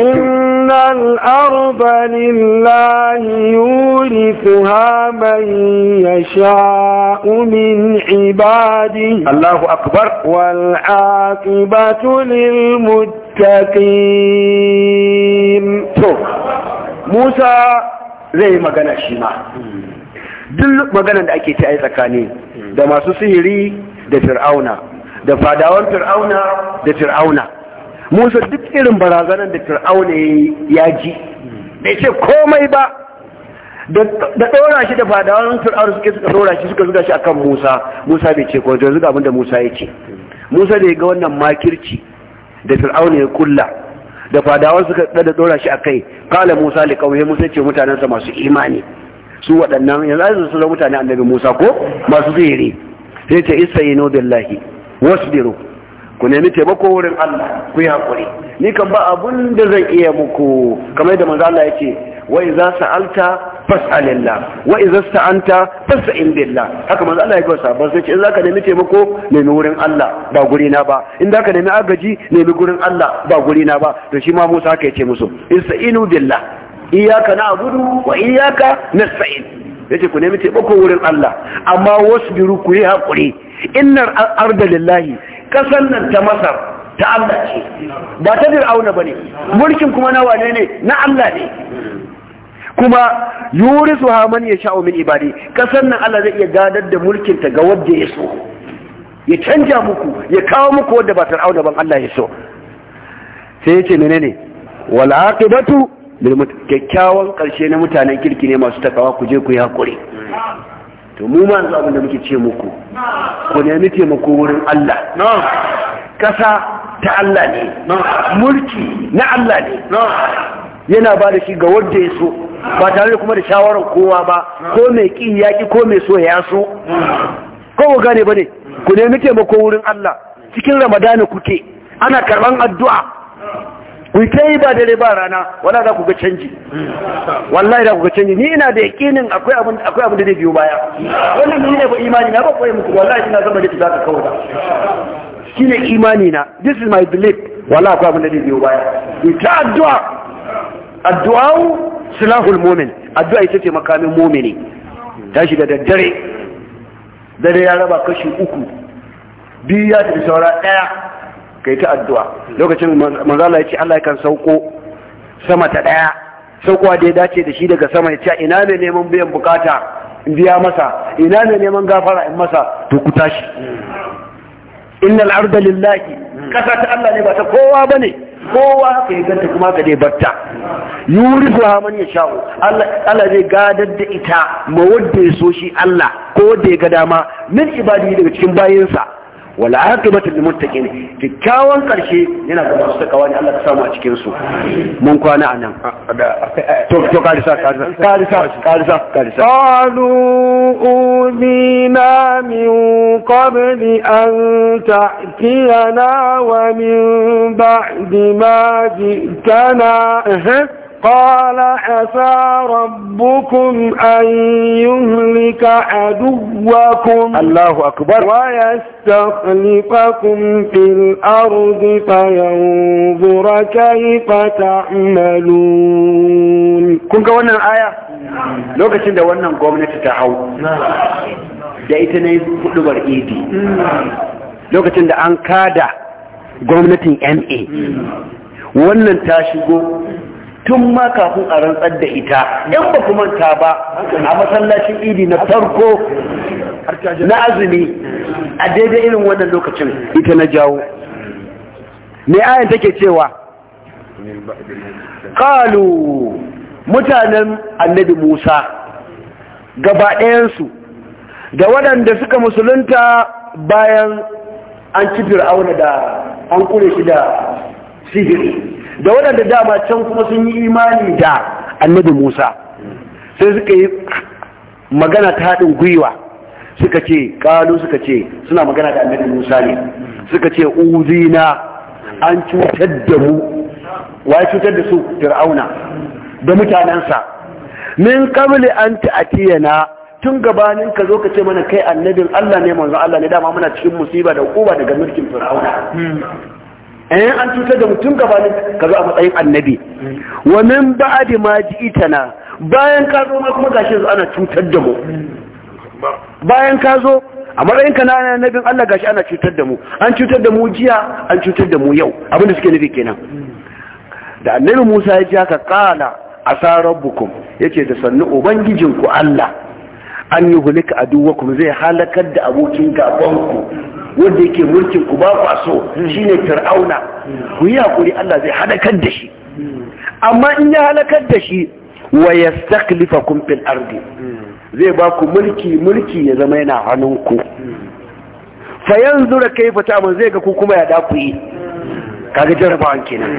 إن الأرض لله يورثها من يشاء من عباده الله أكبر والعاقبة للمتقين موسى zai yi magana shi ma duk maganan da ake ta yi tsakani da masu sihiri da fir'auna da fadawan fir'auna da fir'auna musa duk irin barazanar da fir'auna ya ji bai ce komai ba da ɗora shi da fadawan fir'auna suke suka ɗora shi suka zuga shi akan musa musa bai ce ko zuga abin da musa ya ce musa da ya ga wannan makirci da fir'auna ya kulla da fadawar suka da dora shi kai, kala Musa li kauye Musa ce mutanensa masu imani su waɗannan yanzu su zama mutane annabi Musa ko masu zere sai ce lahi wasu wasbiru ku nemi taimako wurin Allah ku yi hakuri ni kan ba abun da zan iya muku kamar da manzo Allah wai wai za sa'alta fas'alillah wa idza sta'anta fas'in billah haka manzo Allah ya ga sabon sai ce in zaka nemi taimako nemi wurin Allah ba guri na ba in zaka nemi agaji nemi gurin Allah ba guri na ba to shi ma Musa haka ya ce musu ista'inu billah iyyaka na'budu wa iyyaka nasta'in yace ku nemi taimako wurin Allah amma wasbiru ku yi hakuri innar arda lillahi kasan nan ta Masar ta Allah ce ba ta Fir'auna bane mulkin kuma na wane ne na Allah ne kuma su ha man yasha'u min ibadi kasan nan Allah zai iya gadar da mulkin ta ga wanda ya so ya canja muku ya kawo muku wanda ba da ban Allah ya so sai yace menene wal aqibatu lil kyakkyawan karshe na mutanen kirki ne masu takawa ku je ku yi hakuri to mu ma yanzu abin da muke ce muku ku nemi taimako wurin Allah kasa ta Allah ne mulki na Allah ne yana ba da shi ga wanda ya so ba tare da kuma da shawarar kowa ba ko mai ƙi yaƙi ko mai so ya so ko ku gane ba ne ku nemi taimako wurin Allah cikin ramadana kuke ana karɓan addu'a ku ta yi ba dare ba rana wala za ku ga canji wallahi za ku ga canji ni ina da yaƙinin akwai abin akwai abin da zai biyo baya wannan ni ne ba imani na ba koyi muku wallahi ina zama da ki za ka kauda shine imani na this is my belief wallahi akwai abin da zai biyo baya ku ta addu'a addu'a silahul mu'min addu'a ita ce makamin mu'mini ta da daddare dare ya raba kashi uku biyu ya tafi saura ɗaya kai ta addu'a lokacin manzala ya ce Allah ya kan sauko sama ta ɗaya saukowa da ya dace da shi daga sama ya ce ina ne neman biyan bukata in biya masa ina ne neman gafara in masa to ku tashi innal arda lillahi kasa ta Allah ne ba ta kowa bane kowa haka ya ganta kuma haka zai barta su haman ya sha'u Allah zai gadar da ita ma wanda ya so shi Allah ko wanda ya ga dama min ibadi daga cikin bayansa. wal aqibatu lil muttaqin kikkawan karshe yana da masu takawa ne Allah ka samu a cikin su mun kwana anan to to karisa karisa karisa karisa qalu udina min qabli an ta'tiyana wa min ba'di ma ji'tana قال عسى ربكم أن يهلك عدوكم الله أكبر ويستخلفكم في الأرض فينظر كيف تعملون كنت وانا الآية لو كنت وانا قومنا تتحو دائتنا يقول لبر إيدي لو كنت lokacin da an kada gwamnatin ma wannan ta shigo tun ma kafin a rantsar da ita 'yan ba ku manta ba a masallacin idi na farko na azumi a daidai irin wannan lokacin ita na jawo me ayan take cewa ƙalu mutanen annabi Musa gaba ɗayansu da waɗanda suka musulunta bayan an ci fir'auna da an ƙure shi da sihiri da waɗanda dama can kuma sun yi imani da annabi Musa sai suka yi magana ta haɗin gwiwa suka ce ƙalu suka ce suna magana da annabi Musa ne suka ce uzina an cutar da mu wa cutar da su fir'auna da mutanensa min qabli an na, tun gabanin ka zo ka ce mana kai annabin Allah ne manzo Allah ne dama muna cikin musiba da hukuma daga mulkin fir'auna hmm. in eh, an cutar da mutum gabanin ka zo a matsayin annabi wa min ba'di ma ji'tana bayan ka zo ma kuma gashi ana cutar da mu bayan ka zo a matsayin ka na annabin Allah gashi ana cutar da mu an cutar da mu jiya an cutar da mu yau abin da suke nufi kenan da annabi Musa ya ji haka kala asa rabbukum yace da sannu ubangijinku Allah an yi hulika aduwakum zai halakar da abokin gabanku wanda yake mulkin ku ba kwa so hmm. shine fir'auna ku yi hakuri Allah zai halakar da shi amma in ya halakar da shi wa yastaklifakum fil ardi hmm. zai ba ku mulki mulki ya zama yana hannunku hmm. fa yanzu da kai fata mun zai ga ku kuma ya ku yi kaga jarabawan kenan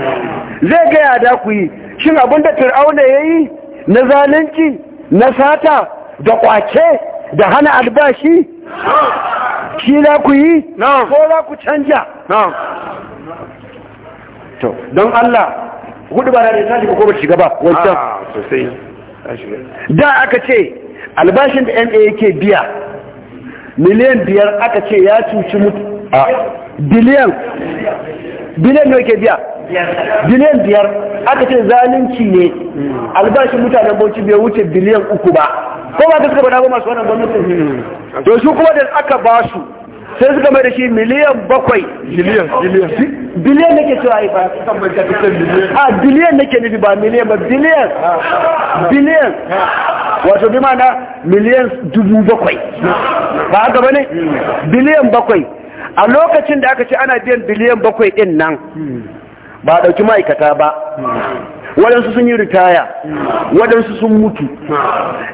zai ga ya ku yi shin da fir'auna yayi na zalunci na sata da kwace da hana albashi shi za ku yi ko za ku canja to don Allah hudu ba na da tashi ko ba shiga ba wancan ah, da aka ce albashin da NA yake biya miliyan biyar aka ce ya cuci mutu ah. biliyan biliyan ne ke biya biliyan biyar aka ce zalunci ne albashin mutanen bauchi bai wuce biliyan uku ba ko ba suka bada ba masu wannan gwamnatin mm. to su kuma da aka ba su sai suka mai da shi miliyan bakwai biliyan biliyan nake cewa ai ba a biliyan nake nufi ba miliyan ba biliyan biliyan wato bi mana miliyan dubu bakwai ba haka bane mm. biliyan bakwai a lokacin da aka ce ana biyan biliyan bakwai ɗin nan ba a ɗauki ma'aikata ba waɗansu sun yi ritaya waɗansu sun mutu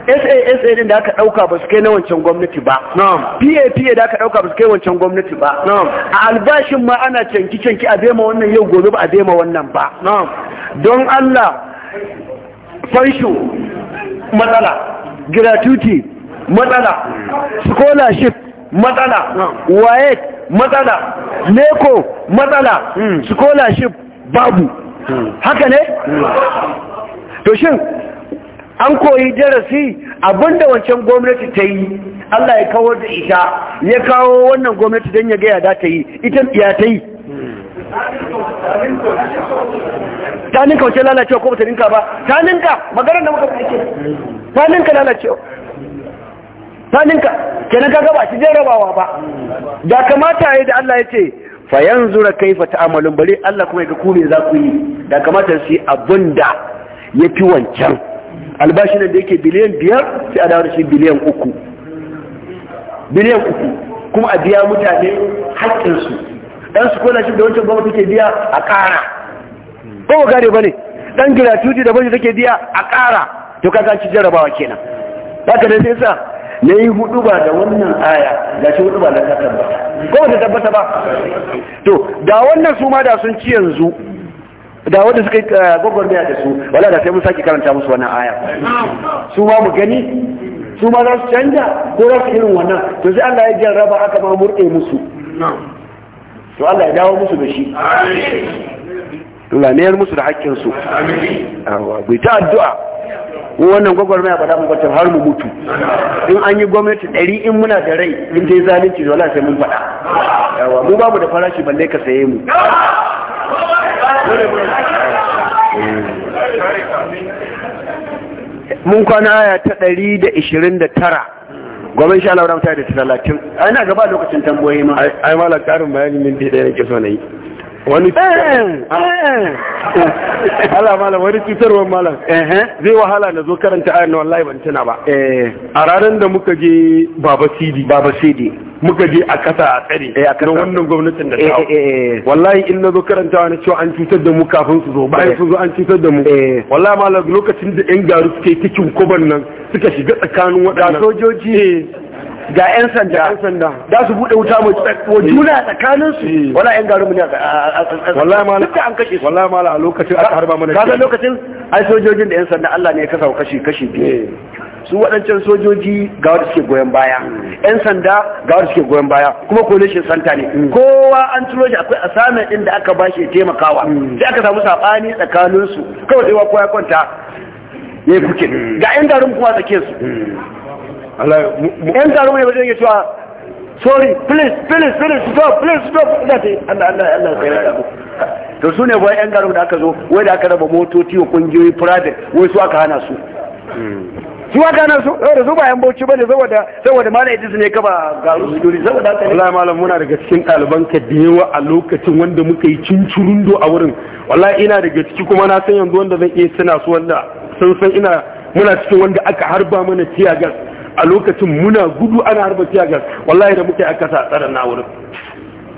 sasa ɗin da aka ɗauka ba su kai na wancan gwamnati ba pa da aka ɗauka ba su kai wancan gwamnati ba a albashin ma ana canki canki a bema wannan yau gobe ba a bema wannan ba don allah fansho matsala gratuity matsala scholarship matsala waye matsala leko matsala hmm. scholarship babu hmm. haka ne hmm. to shin an koyi darasi abinda wancan gwamnati ta yi Allah ya kawo da ita ya kawo wannan gwamnati don ya gaya da ta yi ita ya ta yi ta ninka wancan lalacewa ko ta ninka ba ta ninka magana da muka fi ta ninka lalacewa faninka kenan kaga ba shi jarabawa ba da kamata yayi da Allah ce fa yanzura kaifa ta'malun bari Allah kuma ya ga ku za ku yi da kamata su yi ya fi wancan albashin da yake biliyan biyar sai a dawo da shi biliyan uku biliyan uku kuma a biya mutane haƙƙinsu ɗan su kona shi da wancan gwamnati ke biya a ƙara ko ba gane ba ne ɗan giratuti da banji take biya a ƙara to kaga ci jarabawa kenan haka ne sai sa ya yi hudu ba da wannan aya ga shi hudu ba da ta tabbata ko ta tabbata ba to da wannan su ma da sun ci yanzu da wanda suka yi eh, gwagwarmaya da su wala da sai mun sake karanta musu wannan aya su ma mu gani su ma za su canja ko za su irin wannan to sai Allah ya raba aka ma murɗe musu to Allah ya dawo musu da shi Allah ne musu da haƙƙinsu. Amin. Awa, bai ta addu'a ko wannan gwagwarmaya ba za mu bata har mu mutu in an yi gwamnati ɗari in muna da rai in ta yi zalunci da wala sai mun faɗa yawa mu babu da farashi balle ka saye mu mun kwana aya ta ɗari da ishirin da tara gwamnati sha Allah da ta da talatin ana gaba lokacin tambayoyi ma ai malam karin bayani min ɗaya yake so na yi wani eh, eh. ala malam wani cutarwar malam zai wahala na zo karanta ayan na wallahi ban tuna ba eh. a ranar da muka je baba sidi baba sidi muka je a kasa a tsari a kasa wannan gwamnatin da ta wallahi in na zo karanta wani cewa an cutar da mu kafin su zo bayan su zo an cutar da mu wallahi malam lokacin da yan garu yi cikin kuban nan suka shiga tsakanin waɗannan sojoji ga 'yan sanda da su buɗe wuta mai eh. juna tsakanin su eh. wala 'yan garin ne a tsakanin duk da an kashe su wallahi mala a lokacin aka harba mana kaga lokacin ai sojojin da 'yan sanda Allah ne ya kasa kashi kashi eh. su waɗancan sojoji ga wanda suke goyon baya yan sanda ga wanda suke goyon baya kuma coalition santa ne kowa an turo shi akwai assignment inda aka bashi ya taimakawa sai aka samu saɓani tsakaninsu kawai sai wa kwaya kwanta ya yi kuke ga yan garin kuma tsakiyarsu yan garuwa ne ba yake cewa sorry please please please stop please stop da ta Allah Allah Allah sai ya rabu to su ne ba yan garuwa da aka zo wai da aka raba motoci wa kungiyoyi private wai su aka hana su su aka hana su da su ba bauchi bane saboda saboda malam idis ne ka ba garu su duri saboda haka wallahi malam muna daga cikin ɗaliban ka da yawa a lokacin wanda muka yi cincurundo a wurin wallahi ina daga ciki kuma na san yanzu wanda zan iya suna su wanda sun san ina muna cikin wanda aka harba mana tiyagas a lokacin muna gudu ana harba tiyagar wallahi da muke aka sa tsaron na wurin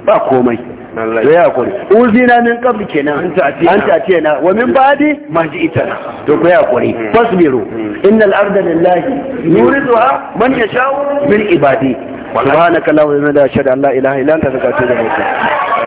ba komai da ya kuri uzina min qabl kenan an ta ce na wa min ba'di ma ji na, to ku ya kuri hmm. fasbiru hmm. innal arda lillahi hmm. yuriduha man yasha'u min ibadi subhanaka allahumma la ilaha illa anta astaghfiruka wa atubu ilayk